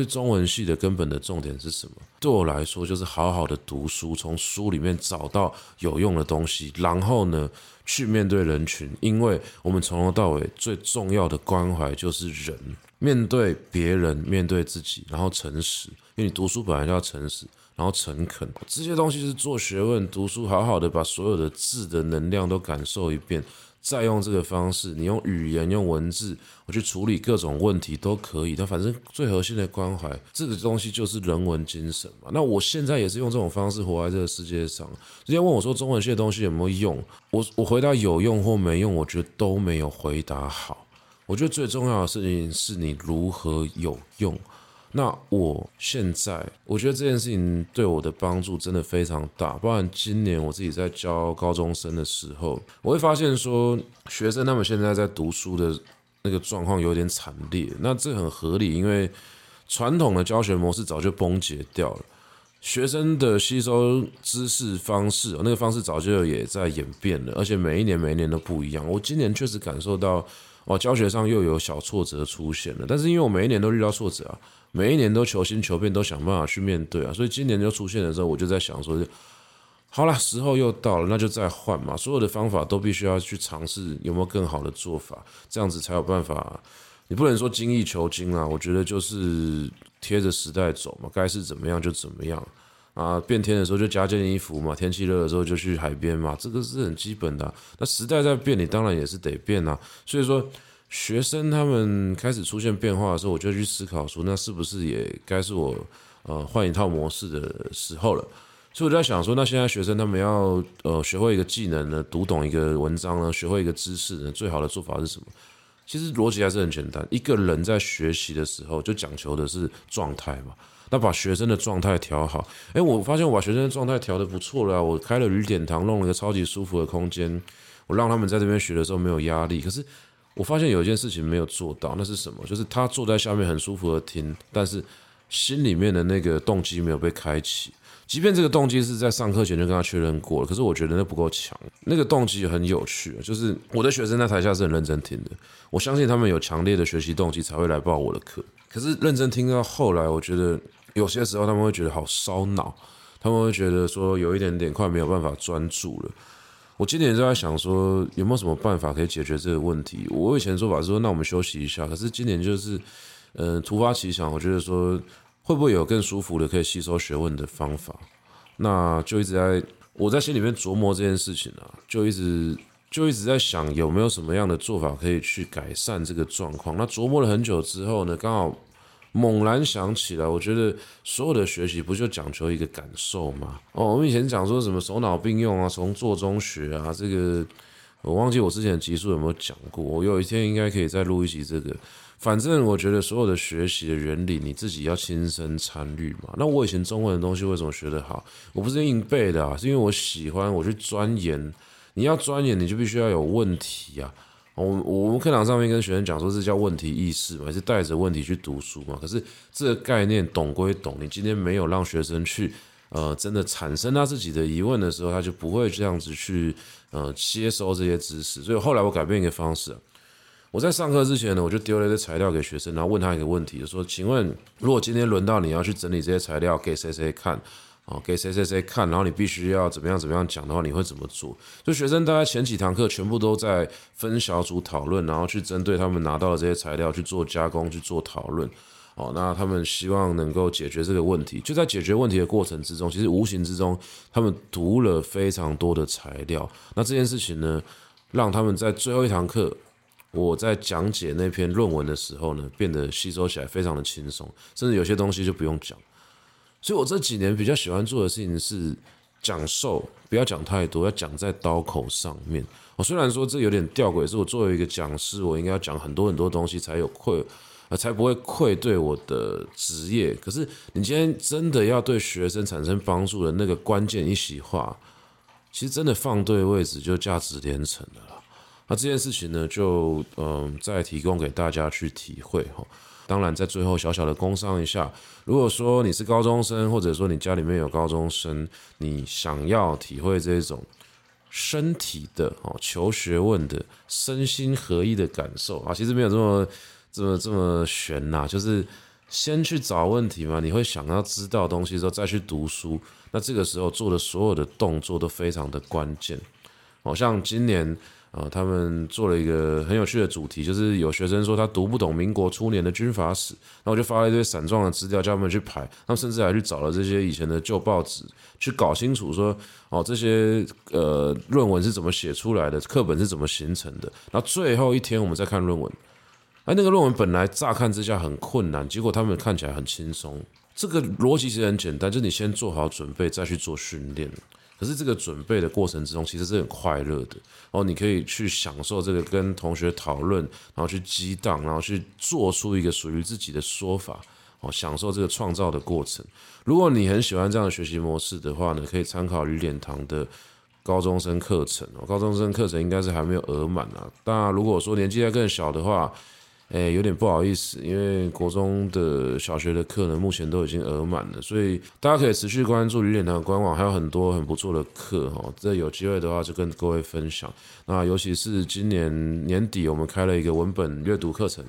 對中文系的根本的重點是什麼？對我來說，就是好好的讀書，從書裡面找到有用的東西，然後呢，去面對人群。因為我們從頭到尾最重要的關懷就是人，面對別人，面對自己，然後誠實。因為你讀書本來就要誠實，然後誠懇，這些東西是做學問、讀書好好的把所有的字的能量都感受一遍。再用這個方式，你用語言、用文字，我去處理各種問題都可以。但反正最核心的關懷，這個東西就是人文精神嘛。那我現在也是用這種方式活在這個世界上。人家問我說中文系的東西有沒有用，我我回答有用或沒用，我覺得都沒有回答好。我覺得最重要的事情是你如何有用。那我現在，我覺得這件事情對我的幫助真的非常大。不然今年我自己在教高中生的時候，我會發現說，學生他們現在在讀書的那個狀況有點慘烈。那這很合理，因為傳統的教學模式早就崩解掉了，學生的吸收知識方式那個方式早就也在演變了，而且每一年每一年都不一樣。我今年確實感受到，哦，教學上又有小挫折出現了。但是因為我每一年都遇到挫折啊。每一年都求新求變，都想辦法去面對啊，所以今年就出現的時候，我就在想說，好啦，時候又到了，那就再換嘛。所有的方法都必須要去嘗試，有沒有更好的做法，這樣子才有辦法啊。你不能說精益求精啦啊，我覺得就是貼着時代走嘛，該是怎麼樣就怎麼樣啊啊。變天的時候就加件衣服嘛，天氣熱的時候就去海邊嘛，這個是很基本的啊。那時代在變，你當然也是得變啊。所以說。學生他們開始出現變化的時候，我就去思考說，那是不是也該是我呃換一套模式的時候了？所以我在想說，那現在學生他們要呃學會一個技能呢，讀懂一個文章呢，學會一個知識呢，最好的做法是什麼？其實邏輯還是很簡單，一個人在學習的時候就講求的是狀態嘛。那把學生的狀態調好，誒，我發現我把學生的狀態調得不錯了，啊，我開了與點堂，弄了一個超級舒服的空間，我讓他們在這邊學的時候沒有壓力，可是。我發現有一件事情沒有做到，那是什麼？就是他坐在下面很舒服地聽，但是心裡面的那個動機沒有被開啟。即便這個動機是在上課前就跟他確認過了，可是我覺得那不夠強。那個動機很有趣，就是我的學生在台下是很認真聽的，我相信他們有強烈的學習動機才會來報我的課。可是認真聽到後來，我覺得有些時候他們會覺得好燒腦，他們會覺得說有一點點快沒有辦法專注了。我今年就在想說，有沒有什麼辦法可以解決這個問題？我以前的做法是說，那我們休息一下。可是今年就是，呃，突發奇想，我覺得說，會不會有更舒服的可以吸收學問的方法？那就一直在我在心裡面琢磨這件事情啊，就一直就一直在想有沒有什麼樣的做法可以去改善這個狀況。那琢磨了很久之後呢，剛好。猛然想起來，我覺得所有的學習不就講求一個感受嗎？哦，我們以前講說什麼手腦並用啊，從做中學啊，這個我忘記我之前集數有沒有講過。我有一天應該可以再錄一集這個。反正我覺得所有的學習的原理，你自己要親身參與嘛。那我以前中文的東西為什麼學得好？我不是硬背的啊，是因為我喜歡我去鑽研。你要鑽研，你就必須要有問題啊。我我們課堂上面跟學生講說，這叫問題意識嘛，還是帶着問題去讀書嘛。可是這個概念懂歸懂，你今天沒有讓學生去，呃，真的產生他自己的疑問的時候，他就不會這樣子去，呃，接收這些知識。所以後來我改變一個方式，我在上課之前呢，我就丟了一些材料給學生，然後問他一個問題，就說，請問如果今天輪到你要去整理這些材料給誰誰看？哦，給誰誰誰看，然後你必須要怎麼樣怎麼樣講的話，你會怎麼做？所以學生大家前幾堂課全部都在分小組討論，然後去針對他們拿到的這些材料去做加工、去做討論。哦，那他們希望能夠解決這個問題，就在解決問題的過程之中，其實無形之中他們讀了非常多的材料。那這件事情呢，讓他們在最後一堂課，我在講解那篇論文的時候呢，變得吸收起來非常的輕鬆，甚至有些東西就不用講。所以，我這幾年比較喜歡做的事情是講授，不要講太多，要講在刀口上面。我、哦、雖然說這有點吊詭，是我作為一個講師，我應該要講很多很多東西才有愧，呃、才不會愧對我的職業。可是，你今天真的要對學生產生幫助的那個關鍵一席話，其實真的放對位置就價值連城的了。那、啊、這件事情呢，就嗯、呃，再提供給大家去體會哈。當然，在最後小小的工商一下。如果說你是高中生，或者說你家裡面有高中生，你想要體會這種身體的哦、求學問的身心合一的感受啊，其實沒有這麼這麼這麼玄吶、啊。就是先去找問題嘛，你會想要知道東西之後再去讀書。那這個時候做的所有的動作都非常的關鍵。好像今年。啊，他們做了一個很有趣的主題，就是有學生說他讀不懂民國初年的軍閥史，那我就發了一堆散狀的資料，叫他們去排。他們甚至還去找了這些以前的舊報紙，去搞清楚說，哦，這些呃論文是怎麼寫出來的，課本是怎麼形成的。然後最後一天我們再看論文，哎，那個論文本來乍看之下很困難，結果他們看起來很輕鬆。這個邏輯其實很簡單，就是你先做好準備，再去做訓練，可是這個準備的過程之中，其實是很快樂的。然後你可以去享受這個跟同學討論，然後去激盪，然後去做出一個屬於自己的說法。哦，享受這個創造的過程。如果你很喜歡這樣的學習模式的話呢，可以參考與點堂的高中生課程。哦，高中生課程應該是還沒有額滿啊。當然如果說年紀要更小的話，誒，有點不好意思，因為國中的、小學的課呢，目前都已經額滿了，所以大家可以持續關注與點堂官網，還有很多很不錯的課哈、哦。這有機會的話，就跟各位分享。那尤其是今年年底，我們開了一個文本閱讀課程，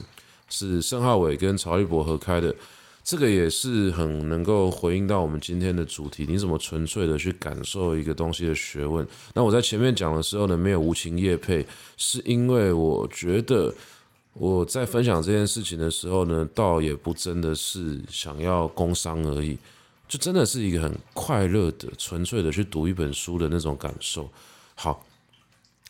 是盛浩偉跟曹馭博合開的，這個也是很能夠回應到我們今天的主題：你怎麼純粹的去感受一個東西的學問？那我在前面講的時候呢，沒有無情業配，是因為我覺得。我在分享這件事情的時候呢，倒也不真的是想要工商而已，就真的是一個很快樂的、純粹的去讀一本書的那種感受。好，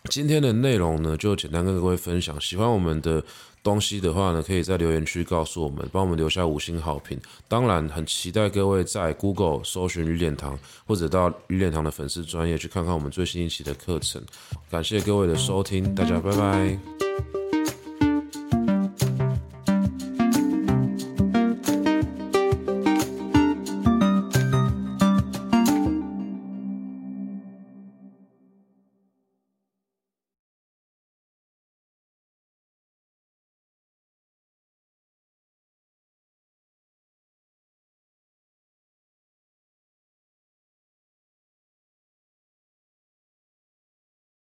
今天的內容呢，就簡單跟各位分享。喜歡我們的東西的話呢，可以在留言區告訴我們，幫我們留下五星好評。當然，很期待各位在 Google 搜尋與點堂，或者到與點堂的粉絲專頁去看看我們最新一期的課程。感謝各位的收聽，大家拜拜。